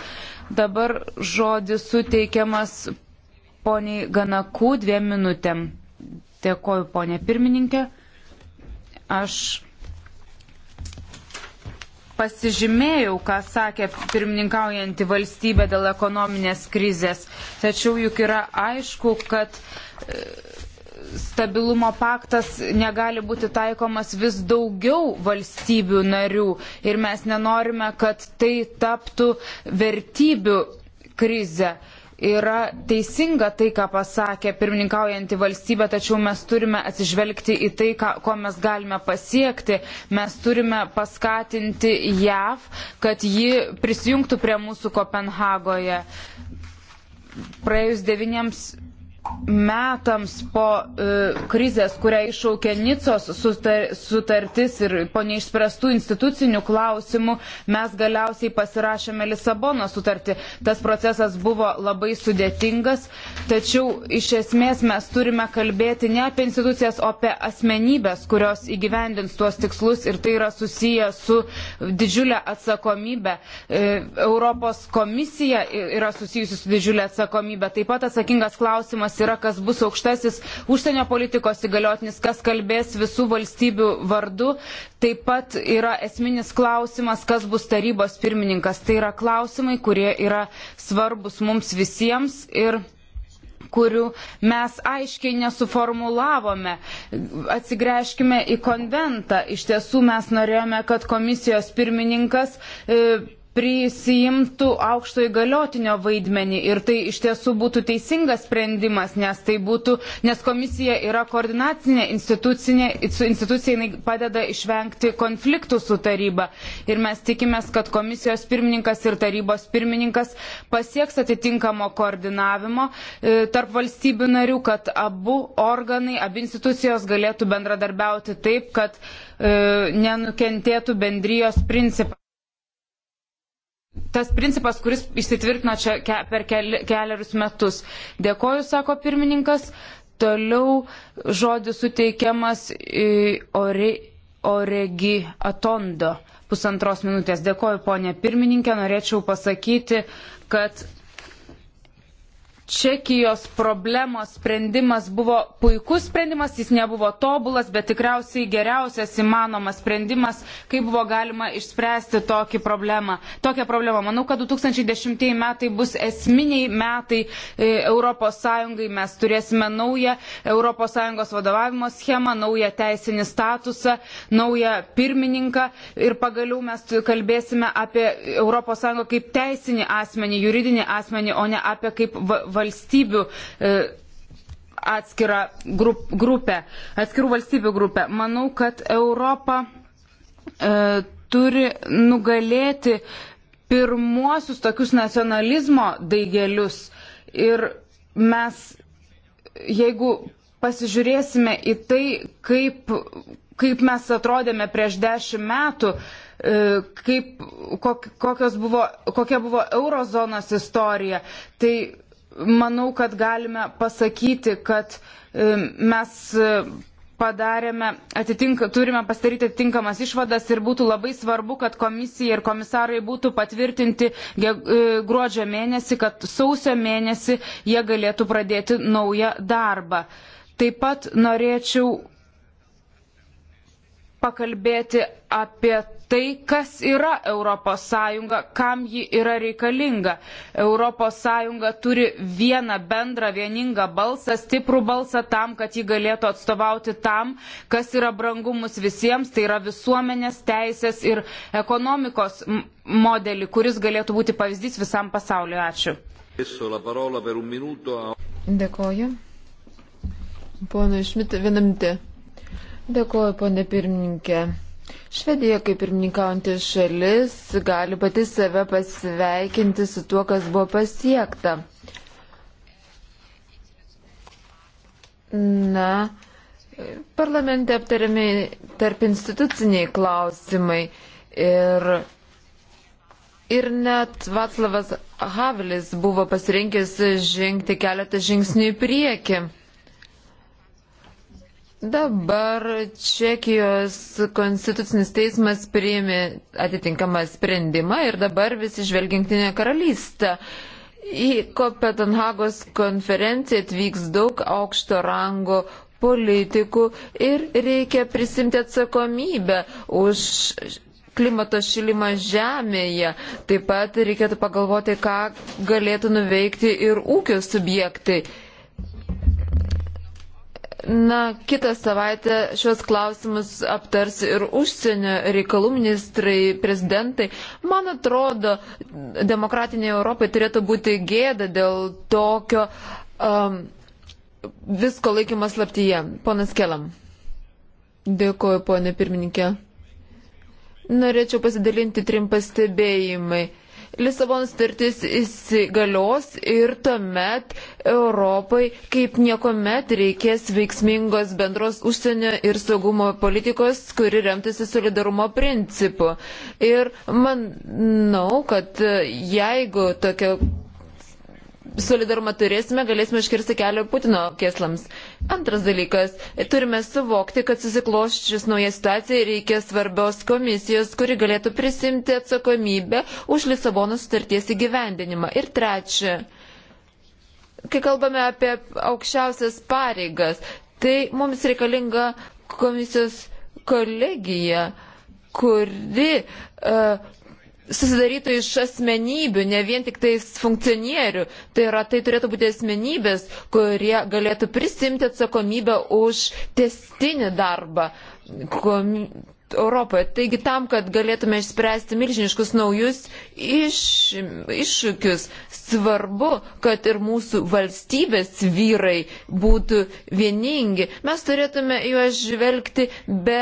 Dabar žodis suteikiamas poniai Ganakų dviem minutėm. Dėkoju, ponė pirmininkė. Aš pasižymėjau, ką sakė pirmininkaujanti valstybė dėl ekonominės krizės. Tačiau juk yra aišku, kad e, stabilumo paktas negali būti taikomas vis daugiau valstybių narių ir mes nenorime, kad tai taptų vertybių krizę yra teisinga tai, ką pasakė pirmininkaujanti valstybė, tačiau mes turime atsižvelgti į tai, ką, ko mes galime pasiekti. Mes turime paskatinti JAV, kad ji prisijungtų prie mūsų Kopenhagoje. Praėjus devyniems metams po e, krizės, kurią iššaukė Nicos sutar, sutartis ir po neišspręstų institucinių klausimų, mes galiausiai pasirašėme Lisabono sutartį. Tas procesas buvo labai sudėtingas, tačiau iš esmės mes turime kalbėti ne apie institucijas, o apie asmenybės, kurios įgyvendins tuos tikslus ir tai yra susiję su didžiulė atsakomybė. E, Europos komisija yra susijusi su didžiulė atsakomybė. Taip pat atsakingas klausimas klausimas yra, kas bus aukštasis užsienio politikos įgaliotinis, kas kalbės visų valstybių vardu. Taip pat yra esminis klausimas, kas bus tarybos pirmininkas. Tai yra klausimai, kurie yra svarbus mums visiems. Ir kurių mes aiškiai nesuformulavome. Atsigręžkime į konventą. Iš tiesų mes norėjome, kad komisijos pirmininkas e, prisijimtų aukšto įgaliotinio vaidmenį ir tai iš tiesų būtų teisingas sprendimas, nes, tai būtų, nes komisija yra koordinacinė institucinė, institucija, jinai padeda išvengti konfliktų su taryba ir mes tikimės, kad komisijos pirmininkas ir tarybos pirmininkas pasieks atitinkamo koordinavimo e, tarp valstybių narių, kad abu organai, abi institucijos galėtų bendradarbiauti taip, kad e, nenukentėtų bendrijos principai tas principas, kuris įsitvirtino čia ke, per keli, keliarius metus. Dėkoju, sako pirmininkas. Toliau žodis suteikiamas ori, Oregi Atondo pusantros minutės. Dėkoju, ponė pirmininkė. Norėčiau pasakyti, kad Čekijos problemos sprendimas buvo puikus sprendimas, jis nebuvo tobulas, bet tikriausiai geriausias įmanomas sprendimas, kaip buvo galima išspręsti tokį problemą. Tokią problemą. Manau, kad 2010 metai bus esminiai metai ES. Mes turėsime naują ES vadovavimo schemą, naują teisinį statusą, naują pirmininką ir pagaliau mes kalbėsime apie ES kaip teisinį asmenį, juridinį asmenį, o ne apie kaip. Va, va, valstybių e, atskirą grupę, atskirų valstybių grupę. Manau, kad Europa e, turi nugalėti pirmuosius tokius nacionalizmo daigelius. Ir mes, jeigu pasižiūrėsime į tai, kaip, kaip mes atrodėme prieš dešimt metų, e, kaip, kok, buvo, kokia buvo eurozonos istorija, tai manau, kad galime pasakyti, kad e, mes e, padarėme, atitink, turime pasidaryti atitinkamas išvadas ir būtų labai svarbu, kad komisija ir komisarai būtų patvirtinti e, gruodžio mėnesį, kad sausio mėnesį jie galėtų pradėti naują darbą. Taip pat norėčiau pakalbėti apie tai, kas yra ES, kam ji yra reikalinga. ES turi vieną bendrą, vieningą balsą, stiprų balsą tam, kad ji galėtų atstovauti tam, kas yra brangumus visiems, tai yra visuomenės teisės ir ekonomikos modelį, kuris galėtų būti pavyzdys visam pasauliu. Ačiū. Dėkoju. Pone Šmit, vieną minutę. Dėkuoju, ponė pirmininkė. Švedija, kaip pirmininkaujanti šalis, gali pati save pasveikinti su tuo, kas buvo pasiekta. Na, parlamente aptariami tarp instituciniai klausimai ir, ir net Vaclavas Havlis buvo pasirinkęs žengti keletą žingsnių į priekį. Dabar Čekijos konstitucinis teismas priėmė atitinkamą sprendimą ir dabar visi žvelgintinė karalystė. Į Kopenhagos konferenciją atvyks daug aukšto rango politikų ir reikia prisimti atsakomybę už klimato šilimą žemėje. Taip pat reikėtų pagalvoti, ką galėtų nuveikti ir ūkio subjektai. Na, kitą savaitę šios klausimus aptars ir užsienio reikalų ministrai, prezidentai. Man atrodo, demokratinėje Europoje turėtų būti gėda dėl tokio um, visko laikymas slaptyje. Ponas Kelam. Dėkuoju, ponė pirmininkė. Norėčiau pasidalinti trim pastebėjimai. Lisabonos sutartis įsigalios ir tuomet Europai kaip niekuomet reikės veiksmingos bendros užsienio ir saugumo politikos, kuri remtasi solidarumo principu. Ir manau, kad jeigu tokia solidarumą turėsime, galėsime iškirsti kelią Putino kieslams. Antras dalykas, turime suvokti, kad susikloščius nauja situacija reikia svarbios komisijos, kuri galėtų prisimti atsakomybę už Lisabono sutarties įgyvendinimą. Ir trečia, kai kalbame apie aukščiausias pareigas, tai mums reikalinga komisijos kolegija kuri uh, susidarytų iš asmenybių, ne vien tik tais funkcionierių. Tai yra, tai turėtų būti asmenybės, kurie galėtų prisimti atsakomybę už testinį darbą. Kom Europoje. Taigi tam, kad galėtume išspręsti milžiniškus naujus iš, iššūkius, svarbu, kad ir mūsų valstybės vyrai būtų vieningi. Mes turėtume juos žvelgti be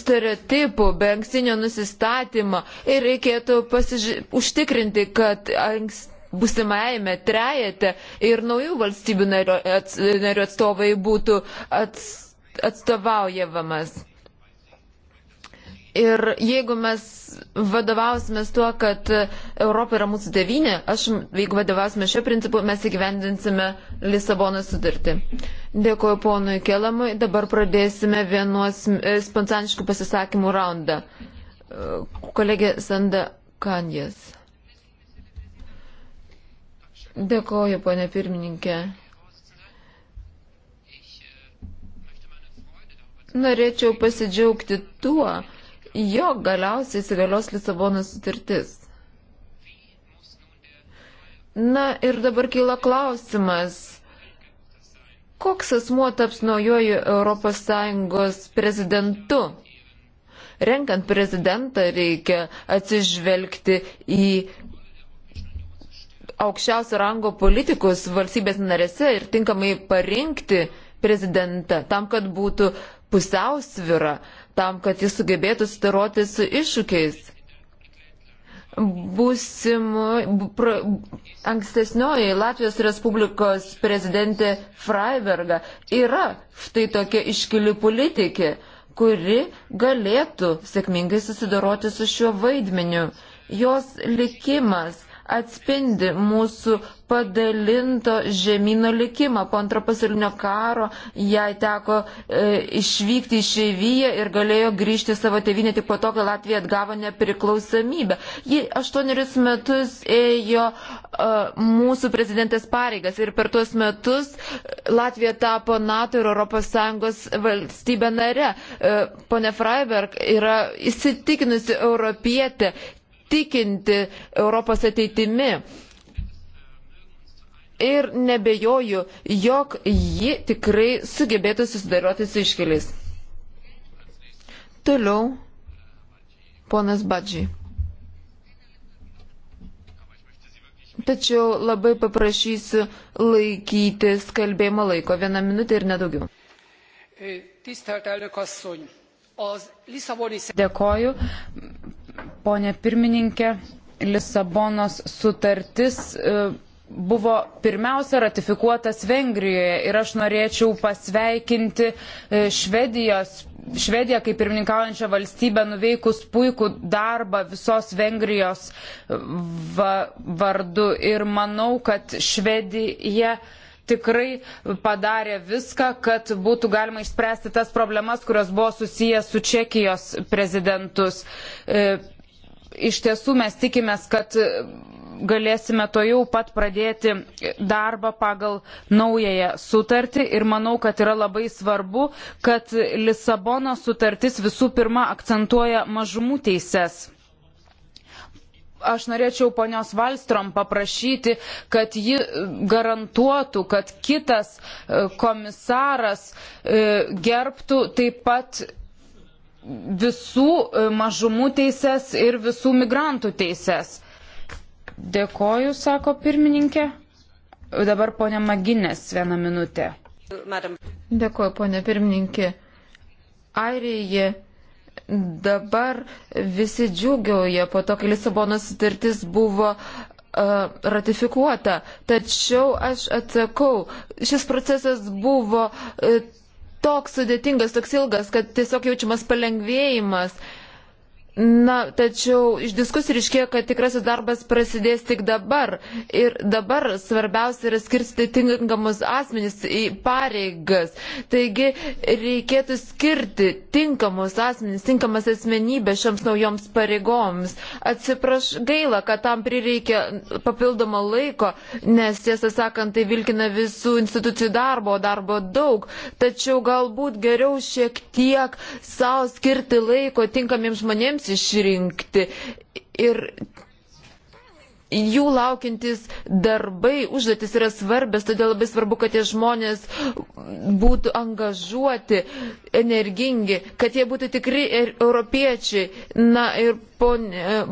stereotipų, be ankstinio nusistatymo ir reikėtų pasiži... užtikrinti, kad anksti busimajame trejete ir naujų valstybių narių atstovai būtų ats, atstovaujamas. Ir jeigu mes vadovausimės tuo, kad Europa yra mūsų devinė, aš, jeigu vadovausimės šio principu, mes įgyvendinsime Lisabono sudartį. Dėkuoju ponui Kelamui. Dabar pradėsime vienos e, spontaniškų pasisakymų raundą. E, kolegė Sanda Kanjas. Dėkuoju, ponė pirmininkė. Norėčiau pasidžiaugti tuo, jog galiausiai įsigalios Lisabonos sutartis. Na ir dabar kyla klausimas, koks asmuo taps naujoju ES prezidentu? Renkant prezidentą reikia atsižvelgti į aukščiausio rango politikus valstybės narėse ir tinkamai parinkti prezidentą tam, kad būtų pusiausvyra, tam, kad jis sugebėtų staroti su iššūkiais. Būsim, pra, ankstesnioji Latvijos Respublikos prezidentė Freiberga yra štai tokia iškili politikė, kuri galėtų sėkmingai susidoroti su šiuo vaidmeniu. Jos likimas atspindi mūsų padalinto žemynų likimą. Po antro pasaulinio karo jai teko e, išvykti iš Eivyje ir galėjo grįžti savo tėvynę tik po to, kai Latvija atgavo nepriklausomybę. Ji aštuonerius metus ėjo e, mūsų prezidentės pareigas ir per tuos metus e, Latvija tapo NATO ir ES valstybė nare. E, pone Freiberg yra įsitikinusi europietė, tikinti Europos ateitimi. Ir nebejoju, jog ji tikrai sugebėtų susidaroti su iškeliais. Toliau, ponas Badžiai. Tačiau labai paprašysiu laikytis kalbėjimo laiko vieną minutę ir nedaugiau. Dėkoju ponė pirmininkė. Lisabonos sutartis e, buvo pirmiausia ratifikuotas Vengrijoje ir aš norėčiau pasveikinti e, Švedijos Švedija kaip pirmininkaujančia valstybė nuveikus puikų darbą visos Vengrijos e, va, vardu ir manau, kad Švedija tikrai padarė viską, kad būtų galima išspręsti tas problemas, kurios buvo susijęs su Čekijos prezidentus. E, iš tiesų mes tikimės, kad galėsime to jau pat pradėti darbą pagal naująją sutartį ir manau, kad yra labai svarbu, kad Lisabono sutartis visų pirma akcentuoja mažumų teises. Aš norėčiau ponios Valstrom paprašyti, kad ji garantuotų, kad kitas e, komisaras e, gerbtų taip pat visų e, mažumų teises ir visų migrantų teises. Dėkoju, sako pirmininkė. Dabar ponė Maginės vieną minutę. Dėkoju, ponė pirmininkė. Airija dabar visi džiugiauja po to, kai Lisabono sutartis buvo e, ratifikuota. Tačiau aš atsakau, šis procesas buvo e, toks sudėtingas, toks ilgas, kad tiesiog jaučiamas palengvėjimas. Uh, Na, tačiau iš diskusijų iškėjo, kad tikrasis darbas prasidės tik dabar. Ir dabar svarbiausia yra skirsti tinkamus asmenys į pareigas. Taigi reikėtų skirti tinkamus asmenys, tinkamas asmenybė šioms naujoms pareigoms. Atsipraš, gaila, kad tam prireikia papildomo laiko, nes tiesą sakant, tai vilkina visų institucijų darbo, darbo daug. Tačiau galbūt geriau šiek tiek savo skirti laiko tinkamiems žmonėms juos išrinkti. Ir jų laukintis darbai, užduotis yra svarbės, todėl labai svarbu, kad tie žmonės būtų angažuoti, energingi, kad jie būtų tikri europiečiai. Na ir ponė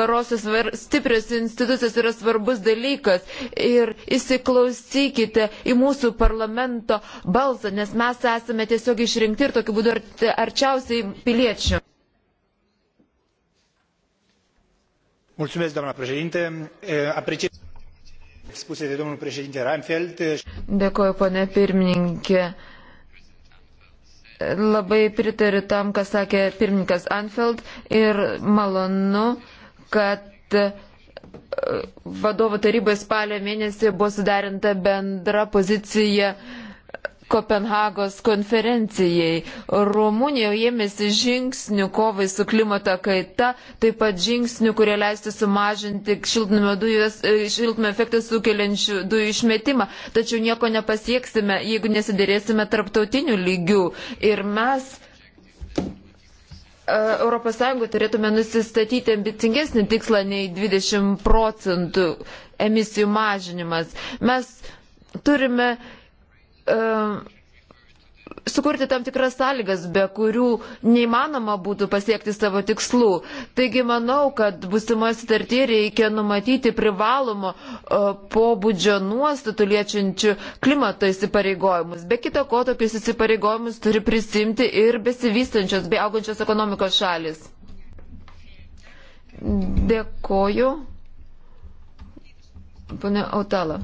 Barosas stiprios institucijos yra svarbus dalykas ir įsiklausykite į mūsų parlamento balsą, nes mes esame tiesiog išrinkti ir tokiu būdu arčiausiai piliečių. doamnă președinte e, apreciez spuse de domnul președinte Reinfeldt. Dėkuoju, ponė pirmininkė. Labai pritariu tam, ką sakė pirmininkas Anfeld ir malonu, kad e, vadovų tarybai spalio mėnesį buvo sudarinta bendra pozicija uh, Kopenhagos konferencijai. Rumunija ėmėsi žingsnių kovai su klimato kaita, taip pat žingsnių, kurie leistų sumažinti šiltnamio, dujos, e, šiltnamio efektą sukeliančių dujų išmetimą. Tačiau nieko nepasieksime, jeigu nesidėrėsime tarptautinių lygių. Ir mes ES turėtume nusistatyti ambicingesnį tikslą nei 20 procentų emisijų mažinimas. Mes turime E, sukurti tam tikras sąlygas, be kurių neįmanoma būtų pasiekti savo tikslų. Taigi manau, kad būsimoje sutartyje reikia numatyti privalomo uh, pobūdžio nuostatų liečiančių klimato įsipareigojimus. Be kita ko, tokius įsipareigojimus turi prisimti ir besivystančios bei augančios ekonomikos šalis. Dėkoju. Pane Autala.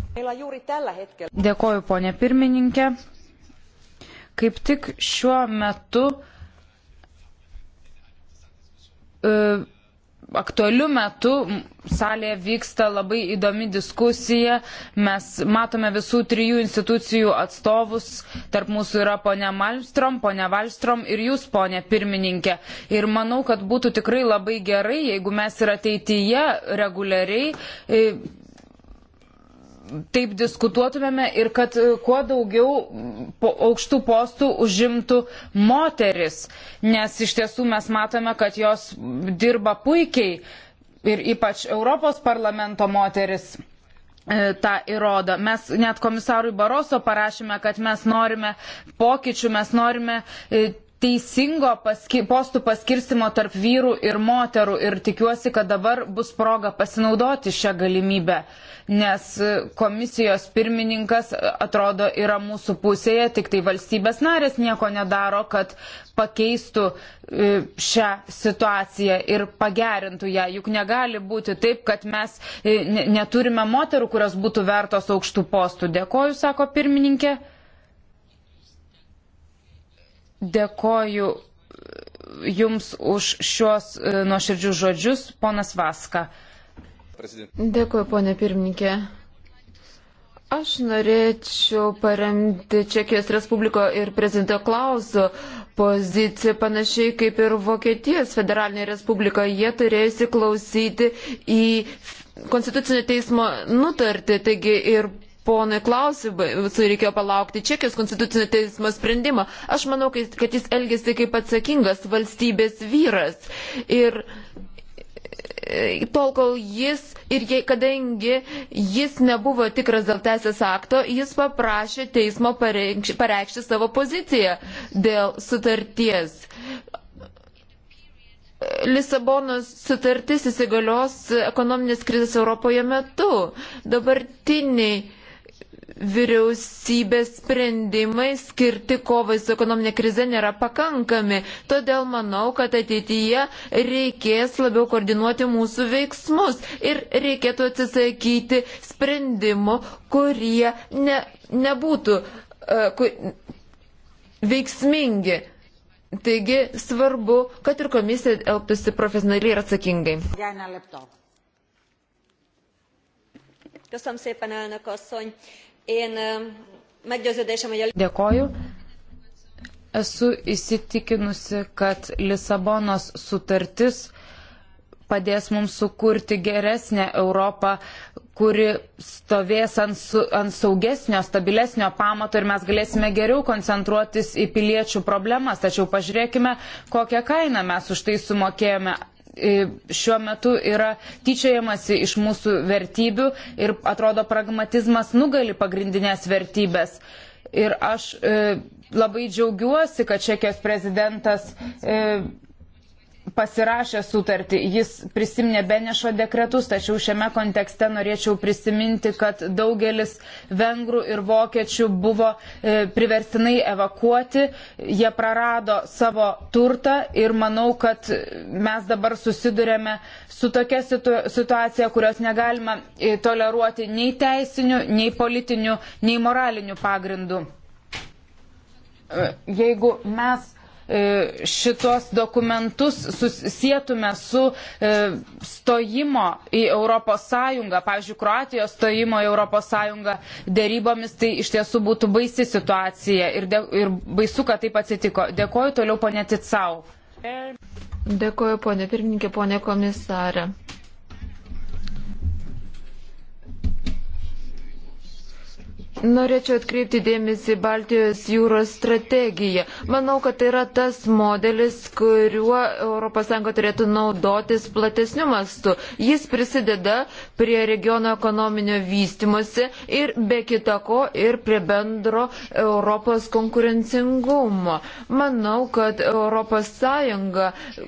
Dėkoju, ponė pirmininkė. Kaip tik šiuo metu e, aktualiu metu salėje vyksta labai įdomi diskusija. Mes matome visų trijų institucijų atstovus. Tarp mūsų yra ponia Malmstrom, ponia Valstrom ir jūs, ponia pirmininkė. Ir manau, kad būtų tikrai labai gerai, jeigu mes ir ateityje reguliariai e, taip diskutuotumėme ir kad e, kuo daugiau po aukštų postų užimtų moteris, nes iš tiesų mes matome, kad jos dirba puikiai ir ypač Europos parlamento moteris e, tą įrodo. Mes net komisarui Baroso parašėme, kad mes norime pokyčių, mes norime e, teisingo paski, postų paskirstimo tarp vyrų ir moterų ir tikiuosi, kad dabar bus proga pasinaudoti šią galimybę, nes komisijos pirmininkas e, atrodo yra mūsų pusėje, tik tai valstybės narės nieko nedaro, kad pakeistų e, šią situaciją ir pagerintų ją. Juk negali būti taip, kad mes e, neturime moterų, kurios būtų vertos aukštų postų. Dėkoju, sako pirmininkė. Dėkoju e, Jums už šios e, nuoširdžius žodžius, ponas Vaska. Dėkoju, ponė pirmininkė. Aš norėčiau paremti Čekijos Respubliko ir prezidento Klauso poziciją, panašiai kaip ir Vokietijos federalinė Respublika. Jie turėjo įsiklausyti į Konstitucinio teismo nutartį, taigi ir ponui klausimui reikėjo palaukti Čekijos konstitucinio teismo sprendimą. Aš manau, kad jis elgėsi kaip atsakingas valstybės vyras. Ir e, tol, kol jis ir jei, kadangi jis nebuvo tikras dėl teisės akto, jis paprašė teismo pareikš, pareikšti savo poziciją dėl sutarties. Lisabonos sutartis įsigalios ekonominės krizės Europoje metu. Dabartiniai vyriausybės sprendimai skirti kovai su ekonominė krize nėra pakankami. Todėl manau, kad ateityje reikės labiau koordinuoti mūsų veiksmus ir reikėtų atsisakyti sprendimų, kurie ne, nebūtų uh, e, kur, veiksmingi. Taigi svarbu, kad ir komisija elgtųsi profesionaliai ir atsakingai. Köszönöm szépen, elnök asszony! Dėkoju. Esu įsitikinusi, kad Lisabonos sutartis padės mums sukurti geresnę Europą, kuri stovės ant, su, ant saugesnio, stabilesnio pamato ir mes galėsime geriau koncentruotis į piliečių problemas. Tačiau pažiūrėkime, kokią kainą mes už tai sumokėjome šiuo metu yra tyčiojamasi iš mūsų vertybių ir atrodo pragmatizmas nugali pagrindinės vertybės. Ir aš e, labai džiaugiuosi, kad Čekijos prezidentas e, pasirašęs sutartį. Jis prisimnė Benešo dekretus, tačiau šiame kontekste norėčiau prisiminti, kad daugelis vengrų ir vokiečių buvo e, priverstinai evakuoti, jie prarado savo turtą ir manau, kad mes dabar susidurėme su tokia situ situacija, kurios negalima e, toleruoti nei teisiniu, nei politiniu, nei moraliniu pagrindu. E, jeigu mes E, šitos dokumentus susijėtume su e, stojimo į Europos Sąjungą, pavyzdžiui, Kroatijos stojimo į Europos Sąjungą dėrybomis, tai iš tiesų būtų baisi situacija ir, de, ir baisu, kad taip atsitiko. Dėkoju toliau ponė Ticau. Dėkoju ponė pirmininkė, ponė komisarė. Norėčiau atkreipti dėmesį Baltijos jūros strategiją. Manau, kad tai yra tas modelis, kuriuo ES turėtų naudotis platesniu mastu. Jis prisideda prie regiono ekonominio vystimosi ir be kitako ir prie bendro Europos konkurencingumo. Manau, kad ES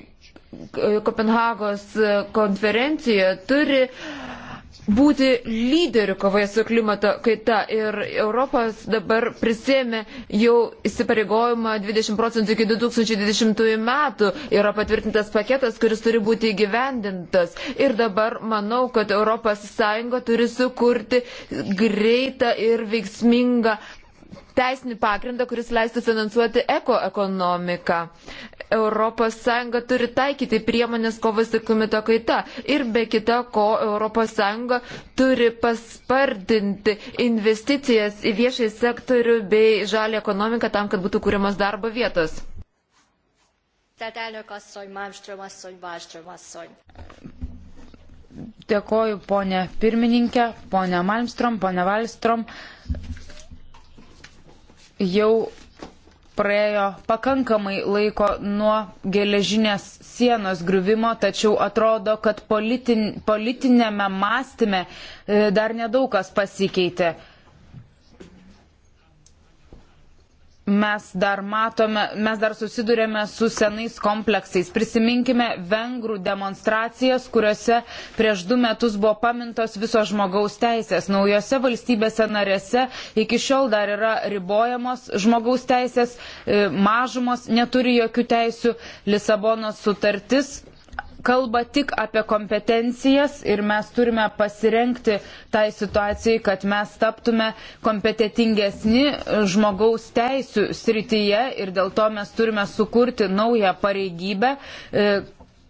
Kopenhagos konferencijoje turi būti lyderių kovoje su klimato kaita ir Europas dabar prisėmė jau įsipareigojimą 20 procentų iki 2020 metų. Yra patvirtintas paketas, kuris turi būti įgyvendintas. Ir dabar manau, kad ES turi sukurti greitą ir veiksmingą teisinį pagrindą, kuris leistų finansuoti ekoekonomiką. ES turi taikyti priemonės kovas su klimato kaita ir be kita ko ES turi paspardinti investicijas į viešai sektorių bei žalį ekonomiką tam, kad būtų kūrimas darbo vietos. Tehát elnök asszony, Malmström asszony, Malmström asszony. Dėkoju, ponė pirmininkė, ponė Malmstrom, ponė Valstrom jau praėjo pakankamai laiko nuo geležinės sienos griuvimo, tačiau atrodo, kad politin, politinėme mąstymė e, dar nedaug kas pasikeitė. mes dar matome, mes dar susidurėme su senais kompleksais. Prisiminkime vengrų demonstracijas, kuriuose prieš du metus buvo pamintos visos žmogaus teisės. Naujose valstybėse narėse iki šiol dar yra ribojamos žmogaus teisės, e, mažumos neturi jokių teisių. Lisabonos sutartis kalba tik apie kompetencijas ir mes turime pasirenkti tai situacijai, kad mes taptume kompetitingesni žmogaus teisų srityje ir dėl to mes turime sukurti naują pareigybę, e,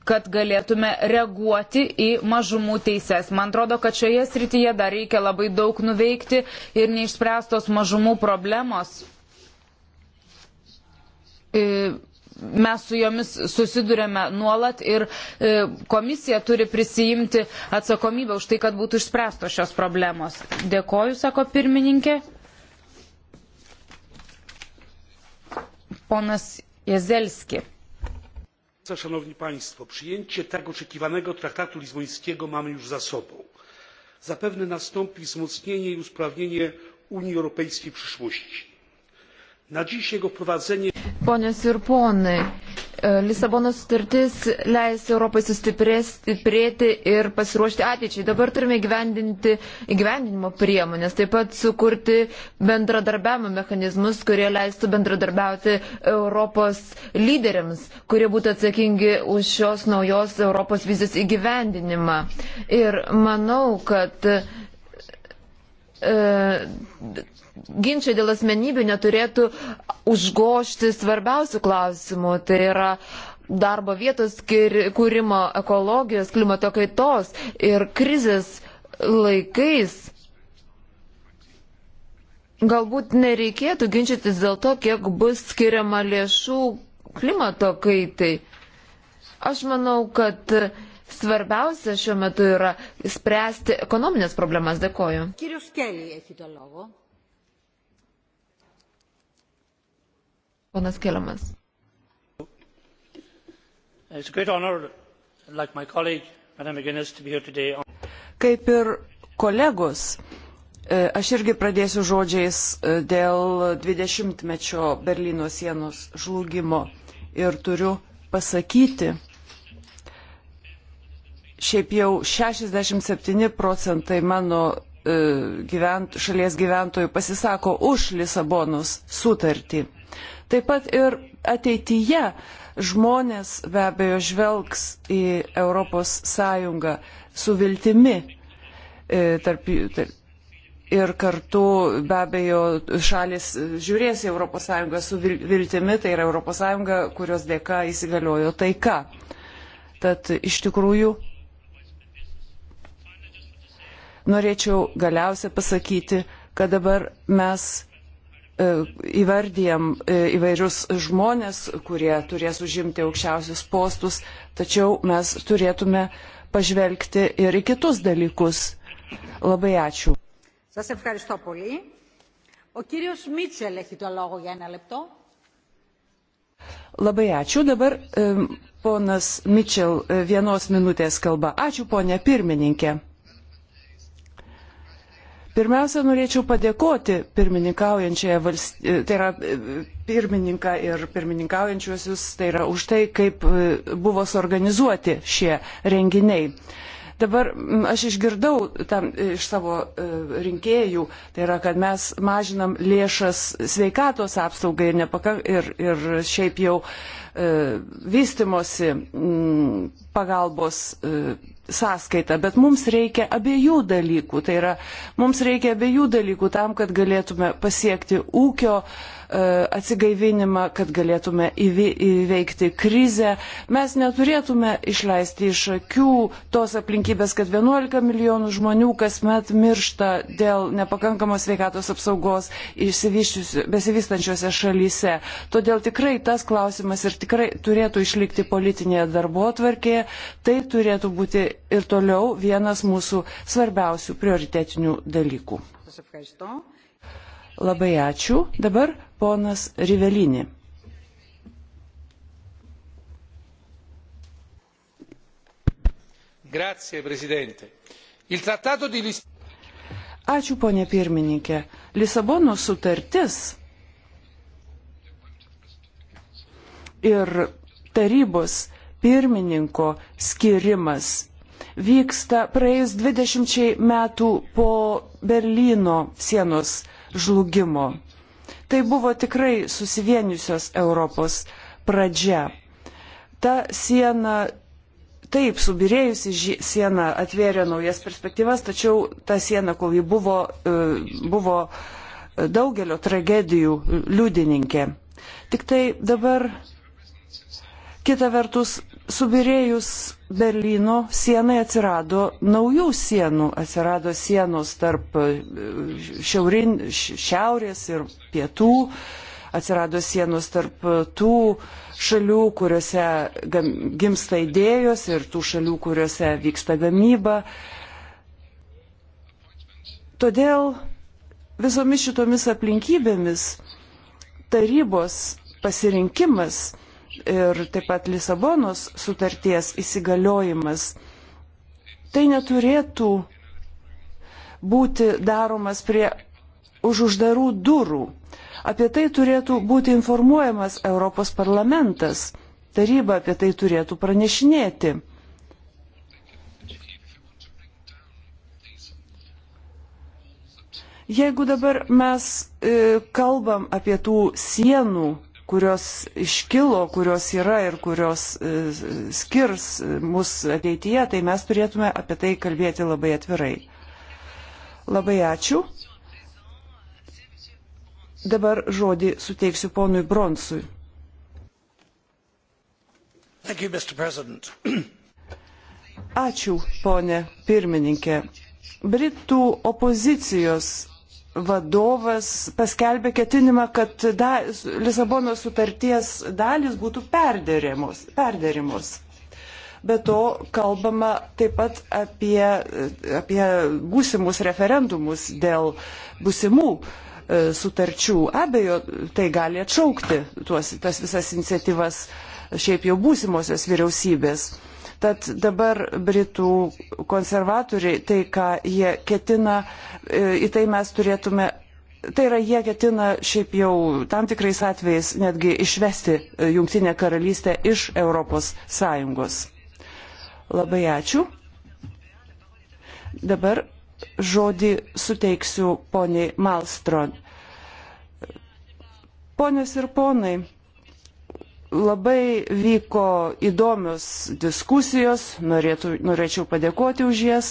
kad galėtume reaguoti į mažumų teises. Man atrodo, kad šioje srityje dar reikia labai daug nuveikti ir neišspręstos mažumų problemos. E mes su jomis susidurėme nuolat ir e, komisija turi prisijimti atsakomybę už tai, kad būtų išspręstos šios problemos. Dėkoju, sako pirmininkė. Ponas Jezelski. Szanowni Państwo, przyjęcie tak oczekiwanego traktatu lizbońskiego mamy już za sobą. Zapewne nastąpi wzmocnienie i usprawnienie Unii Europejskiej w przyszłości Ponios ir ponai, e, Lisabono sutartis leis Europai sustiprėti ir pasiruošti ateičiai. Dabar turime gyvendinimo priemonės, taip pat sukurti bendradarbiavimo mechanizmus, kurie leistų bendradarbiauti Europos lyderiams, kurie būtų atsakingi už šios naujos Europos vizijos įgyvendinimą. Ir manau, kad. E, ginčiai dėl asmenybių neturėtų užgošti svarbiausių klausimų. Tai yra darbo vietos kūrimo, ekologijos, klimato kaitos ir krizės laikais. Galbūt nereikėtų ginčytis dėl to, kiek bus skiriama lėšų klimato kaitai. Aš manau, kad svarbiausia šiuo metu yra spręsti ekonominės problemas. Dėkoju. Kirius Kelly, Ponas Keliamas. Kaip ir kolegos, e, aš irgi pradėsiu žodžiais e, dėl 20-mečio Berlyno sienos žlugimo ir turiu pasakyti, šiaip jau 67 procentai mano e, gyvent, šalies gyventojų pasisako už Lisabonos sutartį. Taip pat ir ateityje žmonės be abejo žvelgs į ES su viltimi. E, tarp, tarp, ir kartu be abejo šalis žiūrės į ES su viltimi, tai yra ES, kurios dėka įsigaliojo taika. Tad iš tikrųjų norėčiau galiausia pasakyti, kad dabar mes E, įvardyjam e, įvairius žmonės, kurie turės užimti aukščiausius postus, tačiau mes turėtume pažvelgti ir į kitus dalykus. Labai ačiū. Σας ευχαριστώ πολύ. Ο κύριος Μίτσελ έχει το λόγο για ένα λεπτό. Labai ačiū. Dabar e, ponas Mitchell vienos minutės kalba. Ačiū, ponė pirmininkė. Pirmiausia, norėčiau padėkoti pirmininkaujančiai valstybei, tai yra e, pirmininką ir pirmininkaujančiuosius, tai yra už tai, kaip e, buvo suorganizuoti šie renginiai. Dabar aš išgirdau tam e, iš savo rinkėjų, tai yra, kad mes mažinam lėšas sveikatos apsaugai ir, nepakank, ir, ir šiaip jau vystimosi pagalbos sąskaita, bet mums reikia abiejų dalykų. Tai yra, mums reikia abiejų dalykų tam, kad galėtume pasiekti ūkio e, atsigaivinimą, kad galėtume įveikti krizę. Mes neturėtume išleisti iš akių tos aplinkybės, kad 11 milijonų žmonių kasmet miršta dėl nepakankamos sveikatos apsaugos besivystančiose šalyse. Todėl tikrai tas klausimas ir tikrai turėtų išlikti politinėje darbo atvarkėje. Tai turėtų būti ir toliau vienas mūsų svarbiausių prioritetinių dalykų. Labai ačiū. Dabar ponas Rivelinį. Grazie, prezidente. Il trattato di Lisbona. Ačiū, ponė pirmininkė. Lisabono sutartis ir tarybos pirmininko skirimas vyksta praėjus 20 metų po Berlyno sienos žlugimo. Tai buvo tikrai susivieniusios Europos pradžia. Ta siena taip, subirėjusi siena atvėrė naujas perspektyvas, tačiau ta siena, kol ji buvo, e, buvo e, daugelio tragedijų liudininkė. Tik tai dabar kita vertus subirėjus Berlyno sienai atsirado naujų sienų, atsirado sienos tarp e, šiaurin, šiaurės ir pietų, atsirado sienos tarp e, tų šalių, kuriuose gimsta idėjos ir tų šalių, kuriuose vyksta gamyba. Todėl visomis šitomis aplinkybėmis tarybos pasirinkimas ir taip pat Lisabonos sutarties įsigaliojimas, tai neturėtų būti daromas prie už uždarų durų. Apie tai turėtų būti informuojamas Europos parlamentas. Taryba apie tai turėtų pranešinėti. Jeigu dabar mes e, kalbam apie tų sienų kurios iškilo, kurios yra ir kurios e, skirs mus ateityje, tai mes turėtume apie tai kalbėti labai atvirai. Labai ačiū. Dabar žodį suteiksiu ponui Bronsui. Ačiū, ponė pirmininkė. Britų opozicijos vadovas paskelbė ketinimą, kad da, Lisabono sutarties dalis būtų perdėrimos. perdėrimos. Be to kalbama taip pat apie, apie būsimus referendumus dėl būsimų e, sutarčių. Abejo, tai gali atšaukti tuos, tas visas iniciatyvas šiaip jau būsimosios vyriausybės. Tad dabar Britų konservatoriai, tai ką jie ketina, e, į tai mes turėtume. Tai yra, jie ketina šiaip jau tam tikrais atvejais netgi išvesti e, Junktinę karalystę iš Europos Sąjungos. Labai ačiū. Dabar žodį suteiksiu poniai Malstron. Ponios ir ponai, Labai vyko įdomios diskusijos, norėtų, norėčiau padėkoti už jas.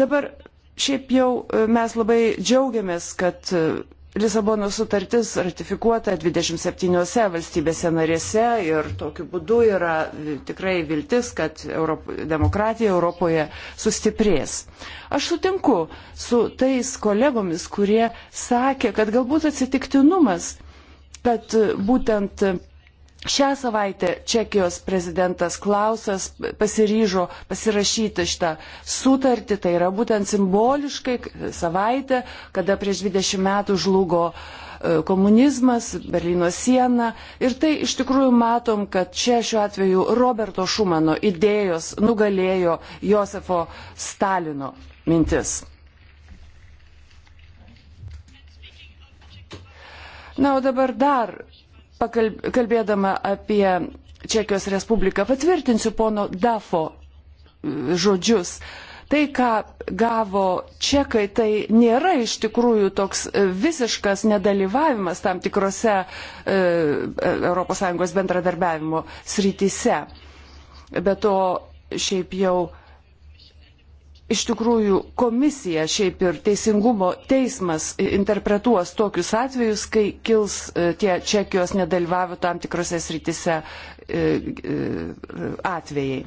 Dabar šiaip jau e, mes labai džiaugiamės, kad e, Lisabono sutartis ratifikuota 27 valstybėse narėse ir tokiu būdu yra tikrai viltis, kad Europ... demokratija Europoje sustiprės. Aš sutinku su tais kolegomis, kurie sakė, kad galbūt atsitiktinumas, kad e, būtent Šią savaitę Čekijos prezidentas Klausas pasiryžo pasirašyti šitą sutartį, tai yra būtent simboliškai savaitė, kada prieš 20 metų žlugo e, komunizmas, Berlyno siena. Ir tai iš tikrųjų matom, kad čia šiuo atveju Roberto Šumano idėjos nugalėjo Josefo Stalino mintis. Na, o dabar dar kalbėdama apie Čekijos Respubliką, patvirtinsiu pono Dafo e, žodžius. Tai, ką gavo čekai, tai nėra iš tikrųjų toks e, visiškas nedalyvavimas tam tikrose e, ES bendradarbiavimo srityse. Be to, šiaip jau iš tikrųjų komisija šiaip ir teisingumo teismas interpretuos tokius atvejus, kai kils e, tie Čekijos nedalyvavimo tam tikrose srityse e, e, atvejai.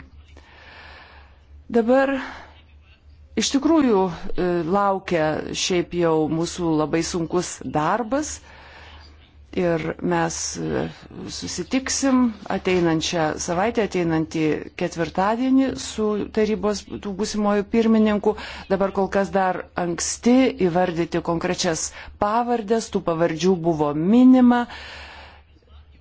Dabar iš tikrųjų laukia šiaip jau mūsų labai sunkus darbas Ir mes susitiksim ateinančią savaitę, ateinantį ketvirtadienį su tarybos tų būsimojų pirmininkų. Dabar kol kas dar anksti įvardyti konkrečias pavardės, tų pavardžių buvo minima.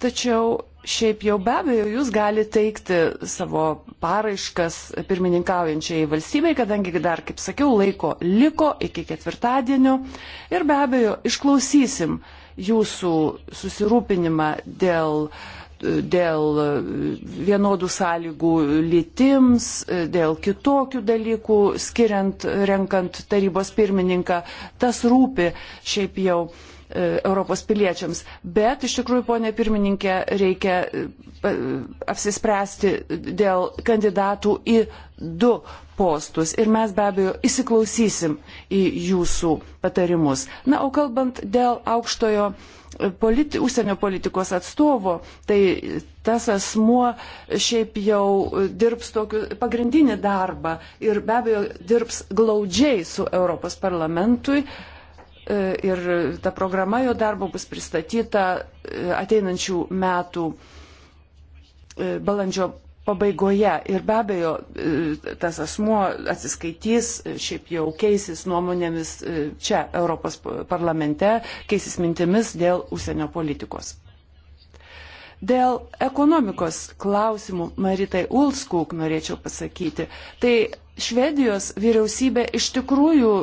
Tačiau šiaip jau be abejo jūs galite teikti savo paraiškas pirmininkaujančiai valstybei, kadangi dar, kaip sakiau, laiko liko iki ketvirtadienio. Ir be abejo išklausysim jūsų susirūpinimą dėl dėl vienodų sąlygų lytims, dėl kitokių dalykų, skiriant, renkant tarybos pirmininką, tas rūpi šiaip jau E, Europos piliečiams. Bet iš tikrųjų, ponė pirmininkė, reikia e, apsispręsti dėl kandidatų į du postus ir mes be abejo įsiklausysim į jūsų patarimus. Na, o kalbant dėl aukštojo e, politi užsienio politikos atstovo, tai tas asmuo šiaip jau dirbs tokiu pagrindinį darbą ir be abejo dirbs glaudžiai su Europos parlamentui E, ir ta programa jo darbo bus pristatyta e, ateinančių metų e, balandžio pabaigoje. Ir be abejo, tas asmuo atsiskaitys, šiaip jau keisis nuomonėmis čia Europos parlamente, keisis mintimis dėl užsienio politikos. Dėl ekonomikos klausimų Maritai Ulskuk norėčiau pasakyti. Tai Švedijos vyriausybė iš tikrųjų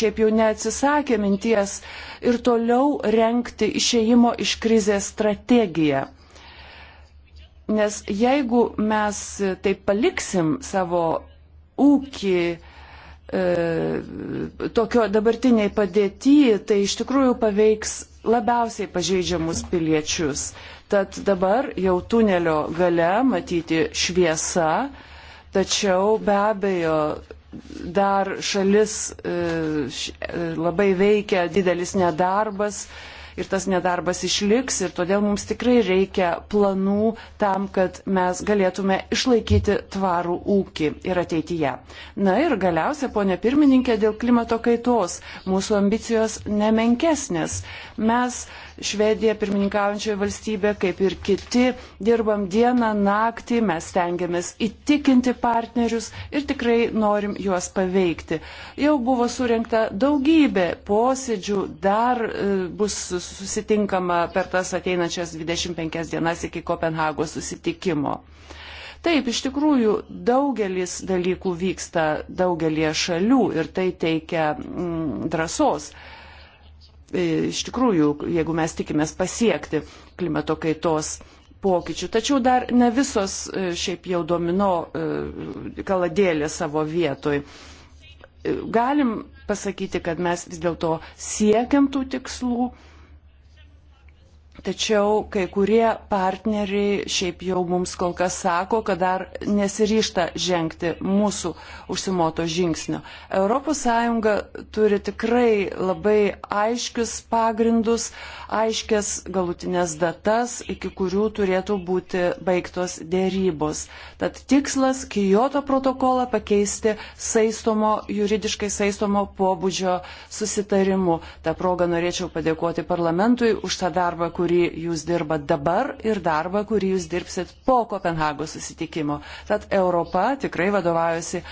šiaip jau neatsisakė minties ir toliau renkti išėjimo iš krizės strategiją. Nes jeigu mes taip paliksim savo ūkį, E, tokio dabartiniai padėty, tai iš tikrųjų paveiks labiausiai pažeidžiamus piliečius. Tad dabar jau tunelio gale matyti šviesa, tačiau be abejo dar šalis e, e, labai veikia didelis nedarbas, ir tas nedarbas išliks ir todėl mums tikrai reikia planų tam, kad mes galėtume išlaikyti tvarų ūkį ir ateityje. Na ir galiausia, ponė pirmininkė, dėl klimato kaitos mūsų ambicijos nemenkesnės. Mes Švedija pirmininkaujančioji valstybė, kaip ir kiti, dirbam dieną, naktį, mes stengiamės įtikinti partnerius ir tikrai norim juos paveikti. Jau buvo surinkta daugybė posėdžių, dar e, bus susitinkama per tas ateinančias 25 dienas iki Kopenhagos susitikimo. Taip, iš tikrųjų, daugelis dalykų vyksta daugelie šalių ir tai teikia mm, drąsos. E, iš tikrųjų, jeigu mes tikimės pasiekti klimato kaitos pokyčių. Tačiau dar ne visos e, šiaip jau domino e, kaladėlė savo vietoj. Galim pasakyti, kad mes vis dėlto siekiam tų tikslų, Tačiau kai kurie partneriai šiaip jau mums kol kas sako, kad dar nesiryšta žengti mūsų užsimoto žingsnio. ES turi tikrai labai aiškius pagrindus, aiškias galutinės datas, iki kurių turėtų būti baigtos dėrybos. Tad tikslas Kijoto protokolą pakeisti saistomo, juridiškai saistomo pobūdžio susitarimu. Ta proga norėčiau padėkoti parlamentui už tą darbą, kurį kurį jūs dirbat dabar ir darbą, kurį jūs dirbsit po Kopenhagos susitikimo. Tad Europa tikrai vadovaujasi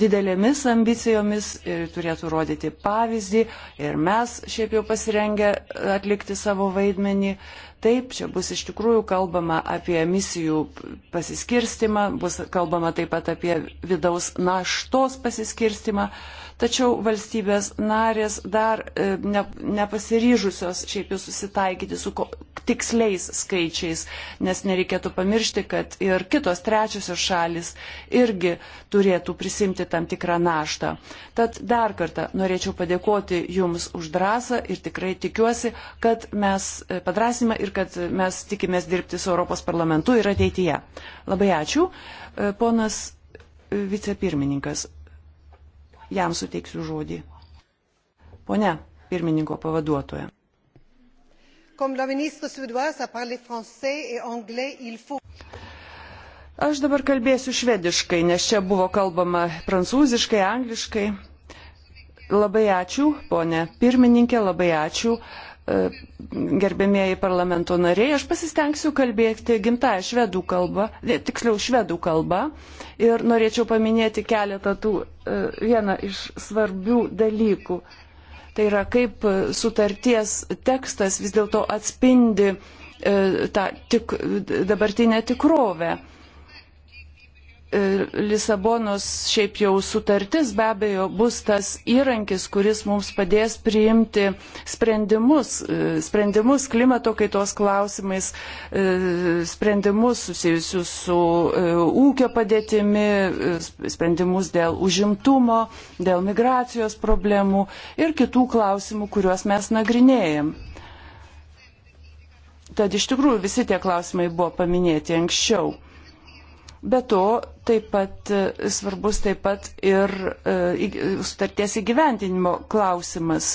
didelėmis ambicijomis ir turėtų rodyti pavyzdį ir mes šiaip jau pasirengę atlikti savo vaidmenį, Taip, čia bus iš tikrųjų kalbama apie emisijų pasiskirstimą, bus kalbama taip pat apie vidaus naštos pasiskirstimą, tačiau valstybės narės dar e, ne, nepasiryžusios šiaip jau susitaikyti su ko, tiksliais skaičiais, nes nereikėtų pamiršti, kad ir kitos trečiosios šalis irgi turėtų prisimti tam tikrą naštą. Tad dar kartą norėčiau padėkoti Jums už drąsą ir tikrai tikiuosi, kad mes e, padrasime ir ir kad mes tikimės dirbti su Europos parlamentu ir ateityje. Labai ačiū. E, ponas e, vicepirmininkas, jam suteiksiu žodį. Pone, pirmininko pavaduotoja. Aš dabar kalbėsiu švediškai, nes čia buvo kalbama prancūziškai, angliškai. Labai ačiū, ponė pirmininkė, labai ačiū E, gerbėmėjai parlamento nariai, aš pasistengsiu kalbėti gimtąją švedų kalbą, tiksliau švedų kalbą ir norėčiau paminėti keletą tų e, vieną iš svarbių dalykų. Tai yra, kaip sutarties tekstas vis dėlto atspindi e, tą tik, dabartinę tikrovę. E, Lisabonos šiaip jau sutartis be abejo bus tas įrankis, kuris mums padės priimti sprendimus, e, sprendimus klimato kaitos klausimais, e, sprendimus susijusius su ūkio padėtimi, sprendimus dėl užimtumo, dėl migracijos problemų ir kitų klausimų, kuriuos mes nagrinėjom. Tad iš tikrųjų visi tie klausimai buvo paminėti anksčiau. Be to, taip pat e, svarbus taip pat ir e, sutarties įgyvendinimo klausimas.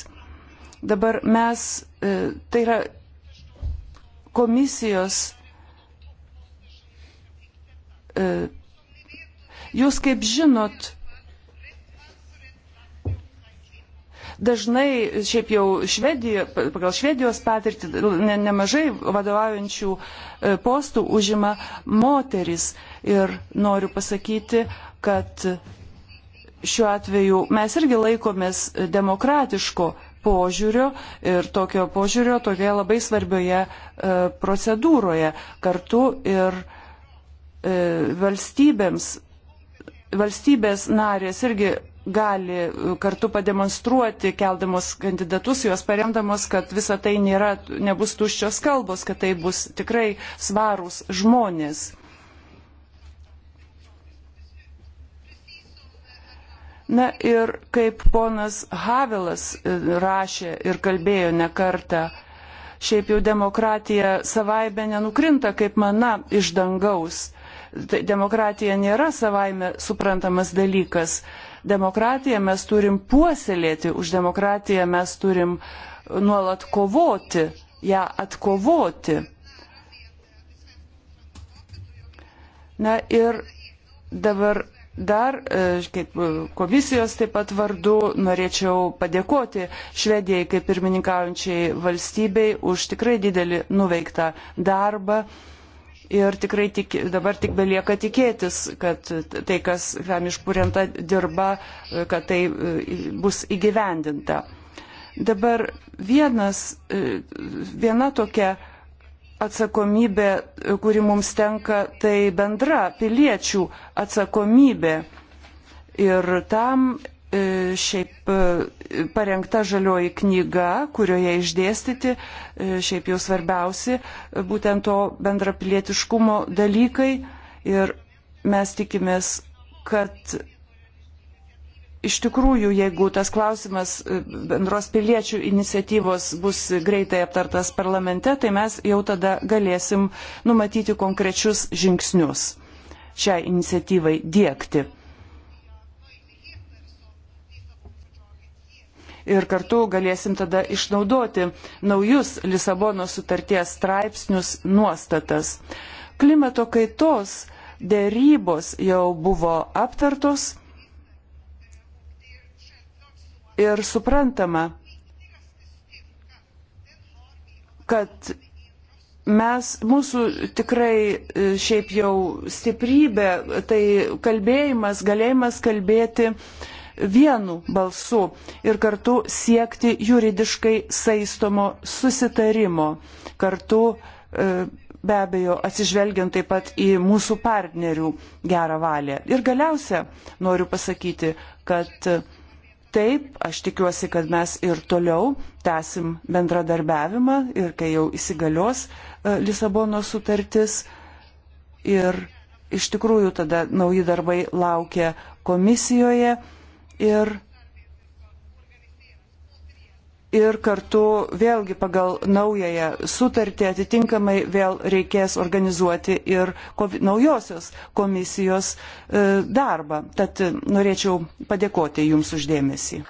Dabar mes, e, tai yra komisijos, jūs kaip žinot, Dažnai šiaip jau Švedija, pagal Švedijos patirtį ne, nemažai vadovaujančių e, postų užima moteris. Ir noriu pasakyti, kad šiuo atveju mes irgi laikomės demokratiško požiūrio ir tokio požiūrio tokioje labai svarbioje e, procedūroje. Kartu ir e, valstybėms, valstybės narės irgi gali kartu pademonstruoti, keldamos kandidatus, juos paremdamos, kad visa tai nėra, nebus tuščios kalbos, kad tai bus tikrai svarūs žmonės. Na ir kaip ponas Havelas e, rašė ir kalbėjo ne kartą, šiaip jau demokratija savaime nenukrinta kaip mana iš dangaus. Tai demokratija nėra savaime suprantamas dalykas demokratiją mes turim puoselėti, už demokratiją mes turim nuolat kovoti, ją atkovoti. Na ir dabar dar, e, kaip e, komisijos taip pat vardu, norėčiau padėkoti Švedijai kaip pirmininkaujančiai valstybei už tikrai didelį nuveiktą darbą Ir tikrai tik, dabar tik belieka tikėtis, kad tai, kas, kam išpūrinta dirba, kad tai e, bus įgyvendinta. Dabar vienas, e, viena tokia atsakomybė, kuri mums tenka, tai bendra piliečių atsakomybė. Ir tam e, šiaip parengta žalioji knyga, kurioje išdėstyti e, šiaip jau svarbiausi e, būtent to bendrapilietiškumo dalykai ir mes tikimės, kad iš tikrųjų, jeigu tas klausimas e, bendros piliečių iniciatyvos bus greitai aptartas parlamente, tai mes jau tada galėsim numatyti konkrečius žingsnius šiai iniciatyvai dėkti. ir kartu galėsim tada išnaudoti naujus Lisabono sutarties straipsnius nuostatas. Klimato kaitos dėrybos jau buvo aptartos ir suprantama, kad mes, mūsų tikrai e, šiaip jau stiprybė, tai kalbėjimas, galėjimas kalbėti uh, vienu balsu ir kartu siekti juridiškai saistomo susitarimo, kartu e, be abejo atsižvelgiant taip pat į mūsų partnerių gerą valią. Ir galiausia noriu pasakyti, kad taip, aš tikiuosi, kad mes ir toliau tęsim bendradarbiavimą ir kai jau įsigalios e, Lisabono sutartis ir iš tikrųjų tada nauji darbai laukia komisijoje ir, ir kartu vėlgi pagal naująją sutartį atitinkamai vėl reikės organizuoti ir naujosios komisijos e, darbą. Tad e, norėčiau padėkoti Jums uždėmesį.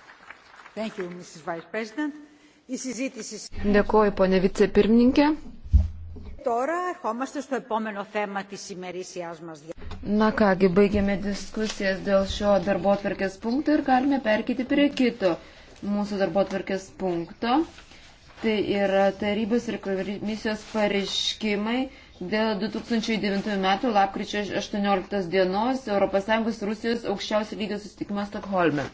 Thank you, Mrs. Vice President. Dėkoju, ponė vicepirmininkė. Na kągi, baigėme diskusijas dėl šio darbo atvarkės punkto ir galime perkyti prie kito mūsų darbo atvarkės punkto. Tai yra tarybos ir komisijos pareiškimai dėl 2009 metų lapkričio 18 dienos ES Rusijos aukščiausio lygio susitikimo Stokholme.